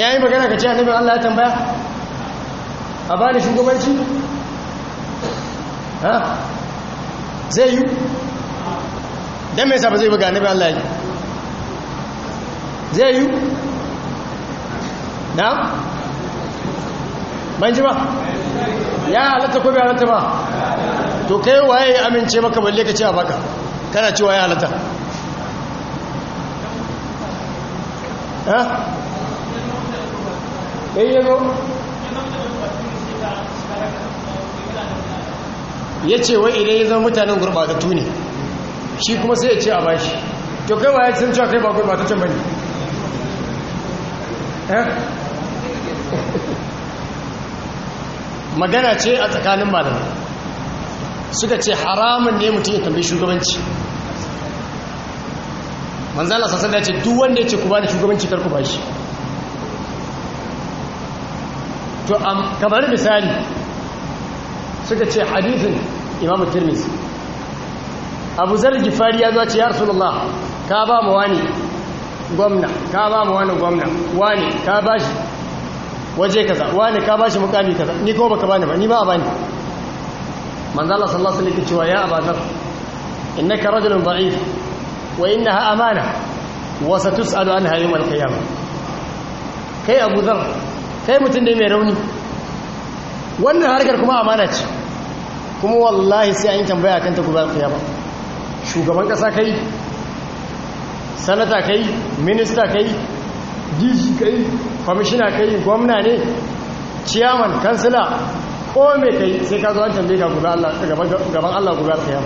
[SPEAKER 1] ya yi magana ka ce annabin Allah ya tambaya a ba ni shugabanci ha zai yi don mai safa zai buga annabin Allah ya zai yi na ban ji ba ya halatta ko bai halatta ba to kai waye ya amince maka balle ka ce a baka kana cewa ya halatta ha in ya zo ya ce wai idan ya zama mutanen gurbatattu ne shi kuma sai ya ce a bashi to kai ba ya cin cewa kai ba gurbataccen ba ne eh? magana ce a tsakanin malamai suka ce haramun ne mutum ya tambayi shugabanci manzala sassan da ce duk wanda ya ce ku ba da shugabanci karku ba shi to kamar misali suka ce hadithin imamu tirmidhi abu zar gifari ya zo ce ya rasulullah ka ba mu wani gwamna ka ba mu wani gwamna wani ka ba shi waje kaza wani ka ba shi mukami kaza ni ko baka bani ba ni ba a bani manzo Allah sallallahu alaihi wasallam cewa ya abazar innaka rajulun da'if wa innaha amana wa satus'alu anha yawm al-qiyamah kai abu zar kai mutum ne mai rauni wannan harkar kuma amana ce kuma wallahi sai an yi tambaya kan ta gubar ba shugaban kasa kai sanata kai minista kai dg kai kwamishina kai gwamna ne ciyaman kansila ko mai kai sai ka zo an tambaye ka gaban allah gubar ba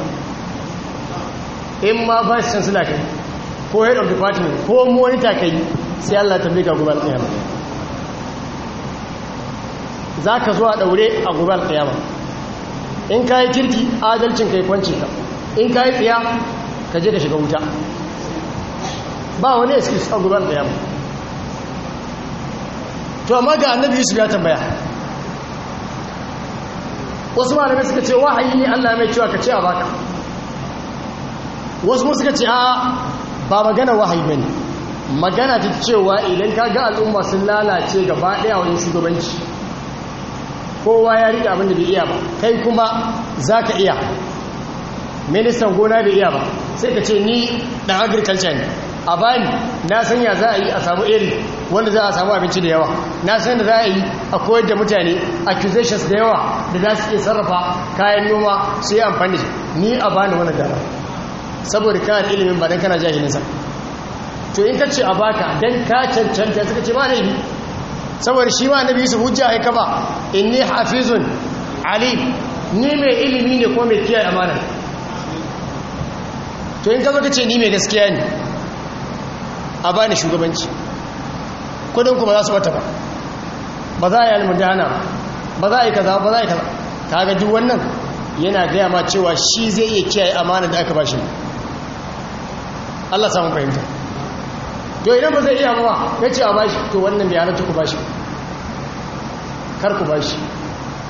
[SPEAKER 1] in ma vice chancellor kai ko head of department ko monitor kai sai allah tambaye ka gubar ba za ka zo a ɗaure a gobe alƙiyama in ka yi kirki adalcin ka yi kwanci ka in ka yi tsiya ka je ka shiga wuta ba wani excuse a gobe alƙiyama to amma ga annabi yusuf ya tambaya wasu malamai suka ce wahayi ne allah mai cewa ka ce a baka wasu suka ce a ba magana wahayi ba ne magana ta cewa idan ka ga al'umma sun lalace gaba ɗaya wani shugabanci kowa ya riƙe abin da bai iya ba kai kuma za ka iya ministan gona bai iya ba sai ka ce ni ɗan agriculture ne a bani na san ya za a yi a samu iri wanda za a samu abinci da yawa na san da za a yi a koyar da mutane accusations da yawa da za su iya sarrafa kayan noma su yi amfani ni a bani wani dama saboda kayan ilimin ba don kana jahilinsa to in ka ce a baka don ka cancanta suka ce ba na yi saboda shi ma nabi su hujja ya kafa inni hafizun alim ni mai ilimi ne ko mai kiyaye amana to in kaza kace ni mai gaskiya ne a bani shugabanci kudin kuma za su bata ba ba za a yi almudana ba za a yi kaza ba za a yi kaza kaga duk wannan yana gaya ma cewa shi zai iya kiyaye amana da aka bashi Allah samun fahimta To idan ba zai iya mawa ya ce a bashi to wannan da halatta ku bashi kar ku bashi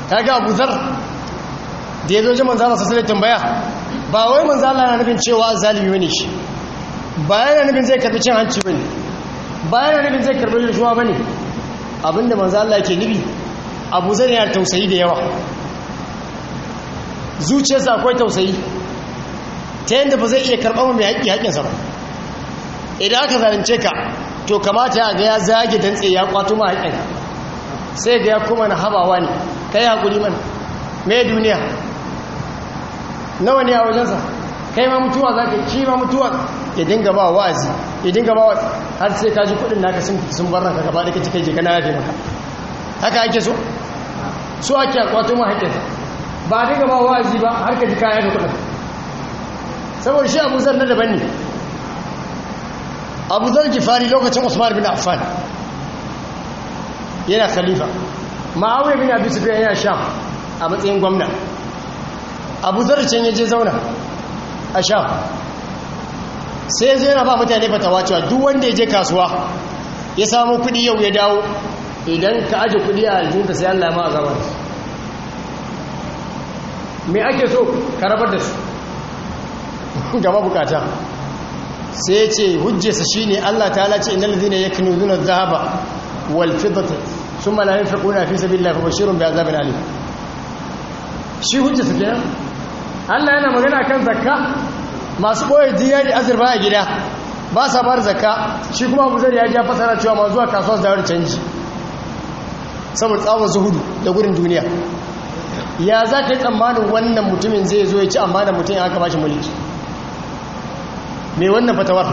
[SPEAKER 1] ta ga abu da ya zo ji manzala sassa da tambaya ba wai manzala na nufin cewa zalimi wani shi ba yana nufin zai karbi cin hanci wani ba yana nufin zai karbi shuwa bane abinda manzala ke nufi abu zar yana tausayi da yawa zuciyarsa akwai tausayi ta yadda ba zai iya karɓar mai haƙƙi haƙƙinsa ba idan aka zarince ka to kamata a ga ya zage dantse ya kwato ma haƙin sai ga ya kuma na habawa ne ka yi haƙuri mana mai duniya nawa ne a wajensa kai ma mutuwa za ka ci ma mutuwa ya dinga ba wa'azi ya dinga ba wa'azi har sai ka ji kuɗin naka sun sun bar ka gaba da ka cika jika na maka haka ake so so ake kwato ma haƙin ba dinga ba wa'azi ba har ka ji kaya da kuɗin saboda shi abu zan na daban ne abu zar lokacin usman bin affan yana khalifa ma'awiyar bin abu sufiya yana sham a matsayin gwamna abu zar can ya je zauna a sham sai ya zo yana ba mutane fatawa cewa duk wanda ya je kasuwa ya samu kudi yau ya dawo idan ka ajiye kudi a aljinta sai allama a zama me ake so ka rabar da su gaba bukata sai ya ce hujjesa shi ne allah ta halace inda ne ya kinu zuna zaba walfidata sun mana fi fiƙuna fi sabi lafi bashirun bai azabin alim shi hujjesa ke allah yana magana kan zakka masu ɓoye diya da azurfa a gida ba sa bar zakka shi kuma abu zari ya ji ya fasara cewa ma zuwa kasuwa da canji saboda tsawon zuhudu da gudun duniya ya za ka yi tsammanin wannan mutumin zai zo ya ci amma da mutum ya aka ba shi mulki mai wannan fatawar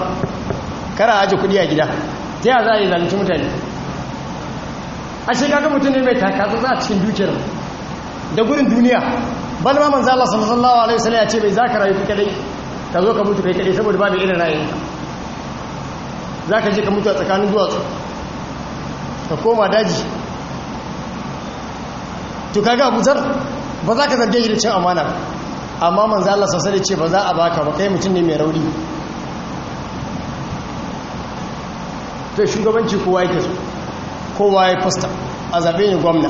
[SPEAKER 1] kara aji kudi a gida ta yi za a yi zalunci mutane a shekaga mutum ne mai takasa za a cikin dukiyar da gudun duniya balma manzo Allah sallallahu alaihi wasallam ya ce za ka rayu kadai ka zo ka mutu kai kadai saboda babu irin za ka je ka mutu a tsakanin duwatsu ka koma daji to kaga Abu ba za ka zarge shi da cin amana amma manzo Allah a lasa wasallam ce ba za a baka ba kai mutum ne mai rauni to shugabanci kowa yake so kowa ya fasta a zaɓe ni gwamna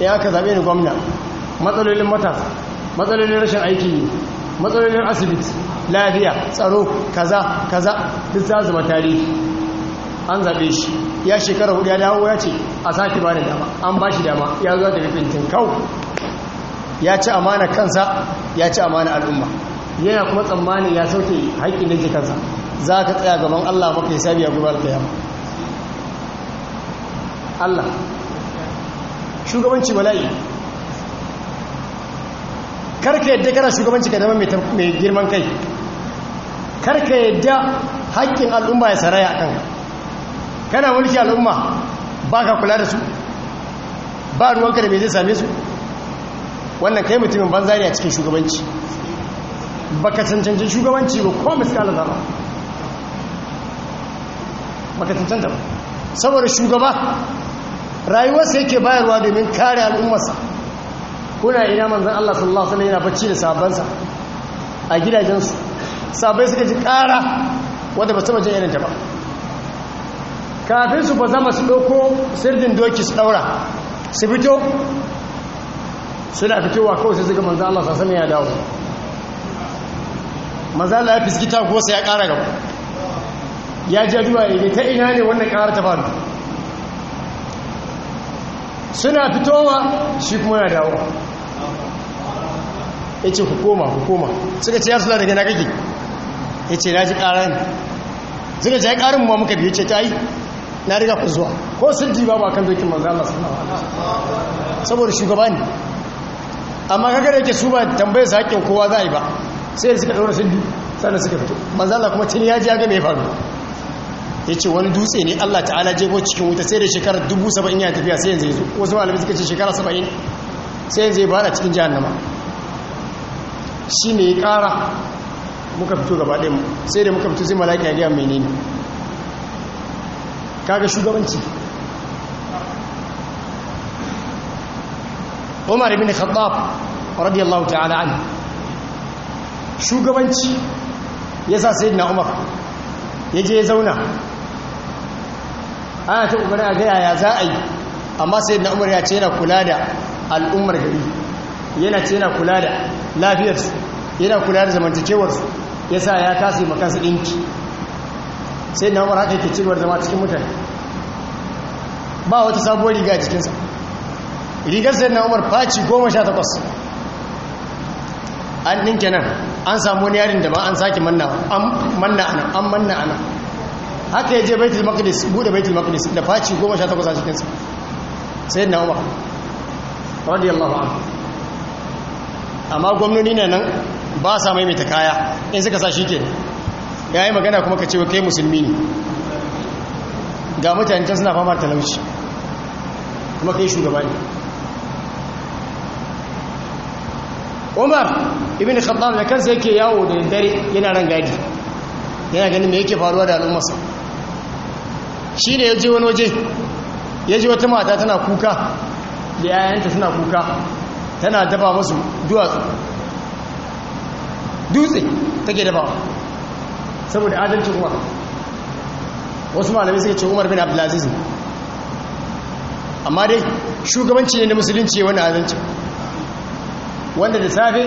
[SPEAKER 1] ya ka zaɓe ni gwamna matsalolin matasa matsalolin rashin aiki ne matsalolin asibiti lafiya tsaro kaza kaza duk za zama tarihi an zaɓe shi ya shekara hudu ya dawo ya ce a sake ba da dama an ba shi dama ya zuwa da rifintin kau ya ci amana kansa ya ci amana al'umma yana kuma tsammanin ya sauke haƙƙin da kansa za ka tsaya gaban Allah maka ya sabi a gubar yamma, Allah shugabanci bala'i karka yadda kana shugabanci ka zama mai girman kai karka yadda haƙƙin al'umma ya saraya kan kana mulki al'umma ba ka kula da su ba ruwanka da mai zai same su wannan kai mutumin banza ne a cikin shugabanci ba ka cancanci shugabanci ba ko miskalar zama baka cancanta ba saboda shugaba rayuwarsa yake bayarwa domin kare al'ummarsa kuna ina manzan Allah sallallahu alaihi yana bacci da sabansa a gidajensu sabai suka ji kara wanda ba saba jin irin ta ba kafin su ba zama su ɗauko sirdin doki su ɗaura su fito suna fitowa kawai sai suka manzan Allah sallallahu alaihi ya dawo manzan Allah ya fiskita ko sai ya ƙara gaba ya ji duwa ne ta ina ne wannan ƙara ta faru suna fitowa shi kuma na dawo ya ce hukoma hukoma suka ce ya sula daga na kake ya ce na ji ƙarar suka ce ya ƙarin ma muka biyu ce ta yi na riga ku zuwa ko sun ji babu akan dokin mazala suna sallallahu alaihi saboda shugaba ne amma kaga da yake su ba tambaye su haƙƙin kowa za a yi ba sai suka ɗaura sun sannan suka fito mazala kuma tun ya ji ya gane ya faru ya ce wani dutse ne allah ta'ala ko cikin wuta sai da shekarar dubu saba'in ya tafiya sai yanzu ya zo wasu malamai suka ce shekara saba'in sai yanzu ya bada cikin nama shi ne ya kara muka fito gaba ɗin sai da muka fito sai mala'ika ya gaya menene kaga shugabanci umar ibn khattab radiyallahu ta'ala an shugabanci yasa sayyidina umar ya je ya zauna ana ta umar a gaya ya za a yi amma sai na umar ya ce yana kula da al'ummar gari yana ce yana kula da lafiyarsu yana kula da zamantakewarsu ya sa ya kasa yi makansu ɗinki sai na umar haka yake cewar zama cikin mutane ba wata sabuwar riga a jikinsa rigar sai yadda umar faci goma sha takwas an ɗinke nan an samu wani yarin da ba an sake manna an manna anan an manna anan haka ya je baitul maqdis bude baitul maqdis da faci 18 a cikin sa sayyidina umar radiyallahu anhu amma gwamnoni ne nan ba sa maimaita kaya in suka sa shi ke yayi magana kuma ka ce kai musulmi ne ga mutane can suna fama talauci kuma kai shugaba ne umar ibn khattab da kansa ke yawo da dare yana ran gadi yana ganin me yake faruwa da al'ummarsa shi ne ya je wani waje ya ji wata mata tana kuka da yayanta suna kuka tana dafa musu duwatsu dutse take dafawa saboda adalci kuma wasu malamai suka ce umar bin abdulaziz amma dai shugabanci ne na musulunci wani adalci wanda da safe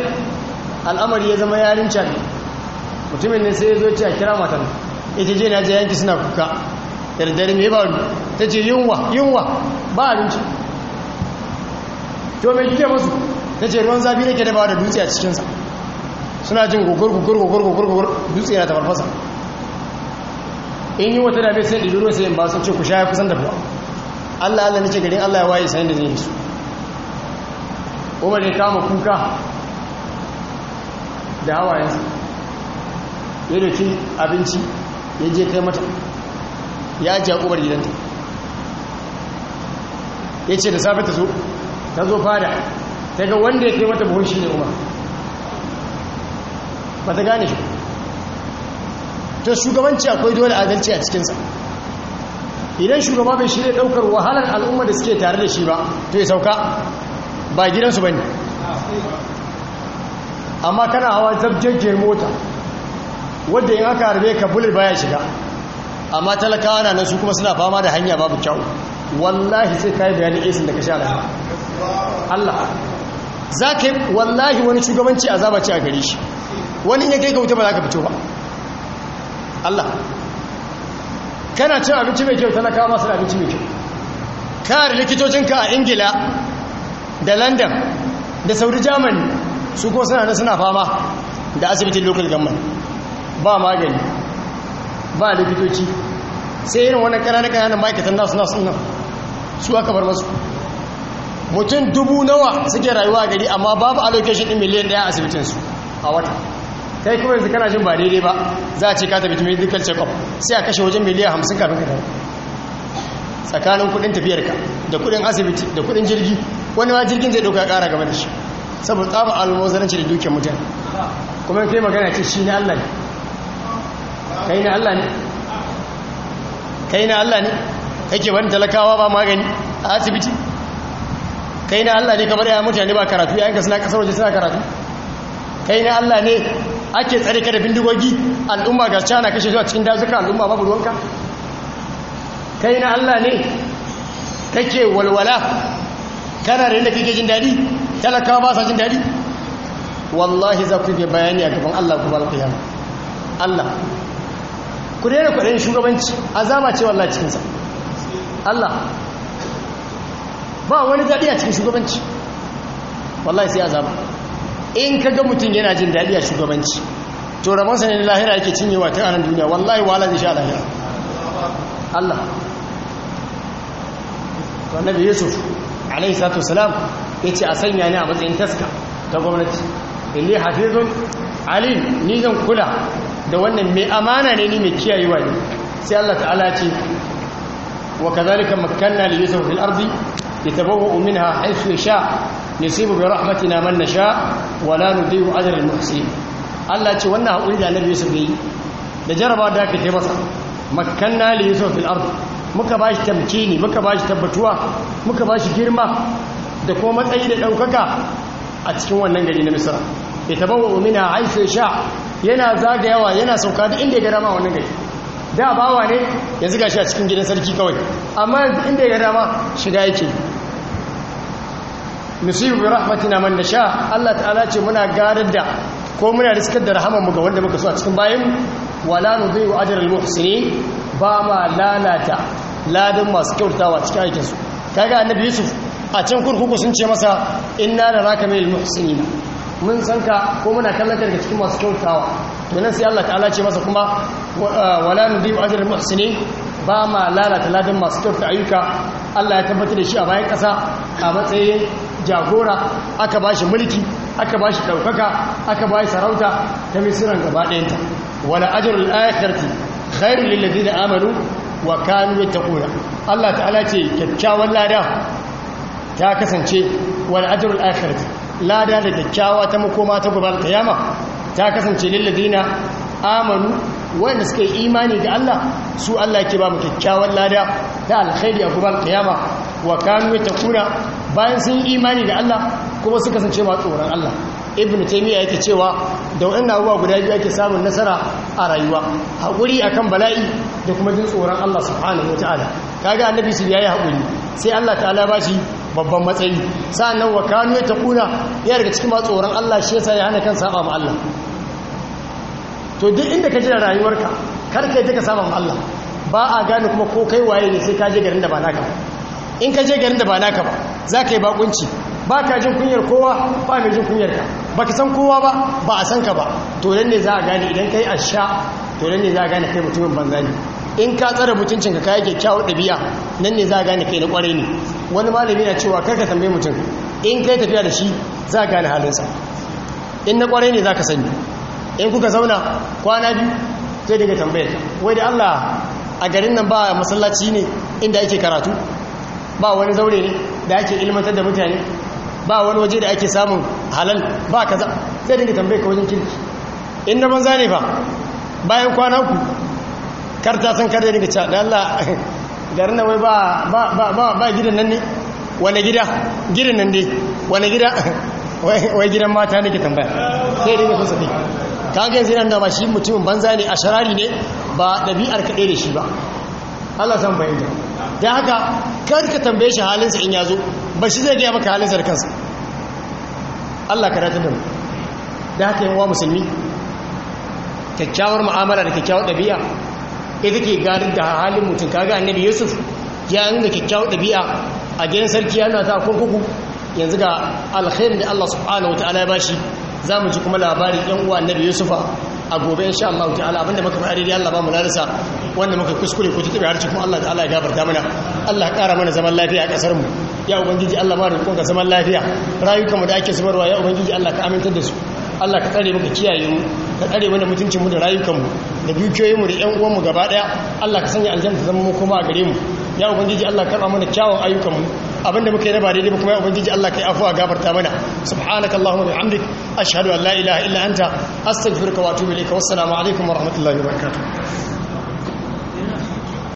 [SPEAKER 1] al'amari ya zama yarin mutumin ne sai ya zo ce a kira matan ita je na je yanki suna kuka da daddare mai baru ta ce yunwa yunwa ba abinci to tome kike musu ta ce ruwan zafi ne da ba da dutse a cikinsa suna jin gugur gugur gugur gugur gugur dutse na tafarfasa in yi wata dame sai ɗiɗi ruwa sai in ba sun ce ku sha ya kusan da kuwa allah allah nake garin allah ya waye sayan da zai su umar ya kama kuka da hawayensa ya abinci ya je kai mata ya ajiye akubar gidanta ya ce da safe ta zo ta zo fada ta ga wanda ya kai mata buhun shi ne umar ba ta gane shi ta shugabanci akwai dole adalci a cikinsa idan shugaba bai shirya daukar wahalar al'umma da suke tare da shi ba to ya sauka ba gidansu ba ne amma kana hawa zabjajjiyar mota wadda in aka harbe ka bullet baya shiga amma talakawa na nan su kuma suna fama da hanya babu kyau wallahi sai kai bayani isin da ka sha rahama Allah za ka yi wallahi wani shugabanci azaba ce a gare shi wani ya kai ka wuta ba za ka fito ba Allah kana cin abinci mai kyau talakawa masu suna abinci mai kyau Ka likitocin likitocinka a ingila da london da saudi germany su kuma suna nan suna fama da asibitin local government ba magani ba likitoci sai irin wannan ƙananan ƙananan ma'aikatan nasu nasu nan su aka bar masu mutum dubu nawa suke rayuwa gari amma babu allocation ɗin miliyan ɗaya a asibitinsu a wata kai kuma yanzu kana jin ba daidai ba za a ce ka tafi medical check-up sai a kashe wajen miliyan hamsin kafin ka dawo tsakanin kudin tafiyarka da kudin asibiti da kudin jirgi wani ma jirgin zai ɗauka ƙara game da shi saboda tsabar almozaranci da dukiyar mutane kuma kai magana ce shi na allah ne kai na Allah ne kai na Allah ne kake ban talakawa ba magani a asibiti kai na Allah ne kamar ya mutane ba karatu ya ka suna kasar waje suna karatu kai na Allah ne ake tsare ka da bindigogi al'umma ga cana kashe zuwa cikin dazuka al'umma babu ruwanka kai na Allah ne kake walwala kana da inda kake jin daɗi talakawa ba sa jin daɗi wallahi za ku yi bayani a gaban Allah ku ba alƙiyama Allah ku daina kwaɗayin shugabanci zama ce wallah cikinsa Allah ba wani daɗi a cikin shugabanci wallah sai zama in ka ga mutum yana jin daɗi a shugabanci to rabonsa ne lahira yake cinyewa ta anan duniya yi wala zai sha lahira Allah da yusuf alaihi salam ya ce a sanya ni a matsayin taska ta gwamnati Ili hafizun alim ni zan kula da wannan mai amana ne ni mai wa ne sai Allah ta'ala ce wa kadhalika makkanna li yusuf fil ardi yatabawwa'u minha haythu yasha yusibu bi rahmatina man nasha wa la nudhi'u ajra al muhsin Allah ce wannan hakuri da Annabi Yusuf yayi da jaraba da aka kai masa makkanna li yusuf fil ardi muka bashi tamkini muka bashi tabbatuwa muka bashi girma da kuma matsayi da daukaka a cikin wannan gari na Misra yatabawwa'u minha haythu yasha yana zagayawa yana sauka duk inda ya gara ma wannan gari da bawa ne yanzu gashi a cikin gidan sarki kawai amma inda ya gara ma shiga yake nusibu bi rahmatina man sha Allah ta'ala ce muna garar da ko muna riskar da rahaman mu ga wanda muka so a cikin bayan wala nudhi'u ajral muhsinin ba ma lalata ladan masu kyautawa cikin aikin su kaga annabi Yusuf a can kurkuku sun ce masa inna naraka minal muhsinin mun san ka ko muna kallon ka daga cikin masu kyautawa to nan sai Allah ta'ala ce masa kuma uh, wala nudib ajrul muhsinin ba ma lalata ladan masu kyauta ayyuka Allah ya tabbatar da shi a bayan kasa a matsayin jagora aka ba shi mulki aka ba shi ɗaukaka aka ba shi sarauta ta misiran gaba ɗayanta wala ajrul akhirati khairul lil ladina amanu wa kanu yattaquna Allah ta'ala ce kyakkyawan lada ta kasance wal ajrul akhirati lada da kyakkyawa ta makoma ta gobe kiyama ta kasance lilladina amanu wanda suka yi imani ga Allah su Allah ke ba mu kyakkyawan lada ta alkhairi a gobe kiyama wa kanu kuna bayan sun yi imani da Allah kuma suka kasance ma tsoron Allah ibn taymiya yake cewa da wannan uwa guda biyu ake samun nasara a rayuwa hakuri akan bala'i da kuma jin tsoron Allah subhanahu wataala kaga annabi su yayi hakuri sai Allah ta'ala ba shi babban matsayi sa'annan wa kanu ya takuna ya daga cikin tsoron Allah shi yasa ya hana kan saba ma Allah to duk inda ka jira rayuwarka kar kai yi ka saba ma Allah ba a gane kuma ko kai waye ne sai ka je garin da ba naka ba in ka je garin da ba naka ba za ka yi bakunci ba ka jin kunyar kowa ba mai jin kunyar ka ba ka san kowa ba ba a san ka ba to ne za a gane idan ka yi asha to ne za a gane kai mutumin banza ne in ka tsara mutuncinka ka yake kyakkyawar ɗabi'a nan ne za a gane kai na ƙwarai ne wani malami na cewa karka tambayi mutum in kai tafiya da shi za a gane halinsa in na ƙwarai ne za ka sani in kuka zauna kwana biyu zai dinga tambayar ka wai da allah a garin nan ba masallaci ne inda ake karatu ba wani zaure ne da ake ilmantar da mutane ba wani waje da ake samun halal ba kaza zai dinga tambayar ka wajen kirki in na banza ne fa bayan kwana ku karta san kar da dinga da Allah garin da wai ba ba ba ba gidan nan ne wani gida gidan nan dai wani gida wai gidan mata ne ke tambaya sai dinga so sai kaga yanzu nan da ba shi mutumin banza ne a sharari ne ba dabi'ar kaɗai da shi ba Allah san da dan haka kar ka tambaye shi halinsa in yazo ba shi zai gaya maka halinsa da kansa Allah ka rata da mu dan haka yan wa musulmi kyakkyawar mu'amala da kyakkyawar ɗabi'a ya kake garin da halin mutum kaga annabi yusuf ya nuna kyakkyawar ɗabi'a a gidan sarki yana ta kurkuku yanzu ga alkhairin da allah subhanahu ta'ala ya bashi za mu ji kuma labarin yan uwa annabi yusufa a gobe insha allah ta'ala da muka fara da allah ba mu larisa wanda muka kuskure ko tuɓe harci kuma allah Allah ya gafarta mana allah ya ƙara mana zaman lafiya a ƙasar mu ya ubangiji allah ma ka zaman lafiya mu da ake zubarwa ya ubangiji allah ka amintar da su Allah ka tsare muka kiyaye mu ka tsare mana mutuncin mu da rayukan mu da dukiyoyin mu da ƴan uwan mu gaba daya Allah ka sanya aljanna ta zama mu kuma a gare mu ya ubangiji Allah karba mana kyawun ayyukan mu abinda muka yi raba daidai kuma ya ubangiji Allah kai afuwa gafarta mana subhanaka allahumma bihamdik ashhadu an la ilaha illa anta astaghfiruka wa atubu wa wassalamu alaikum wa rahmatullahi wa barakatuh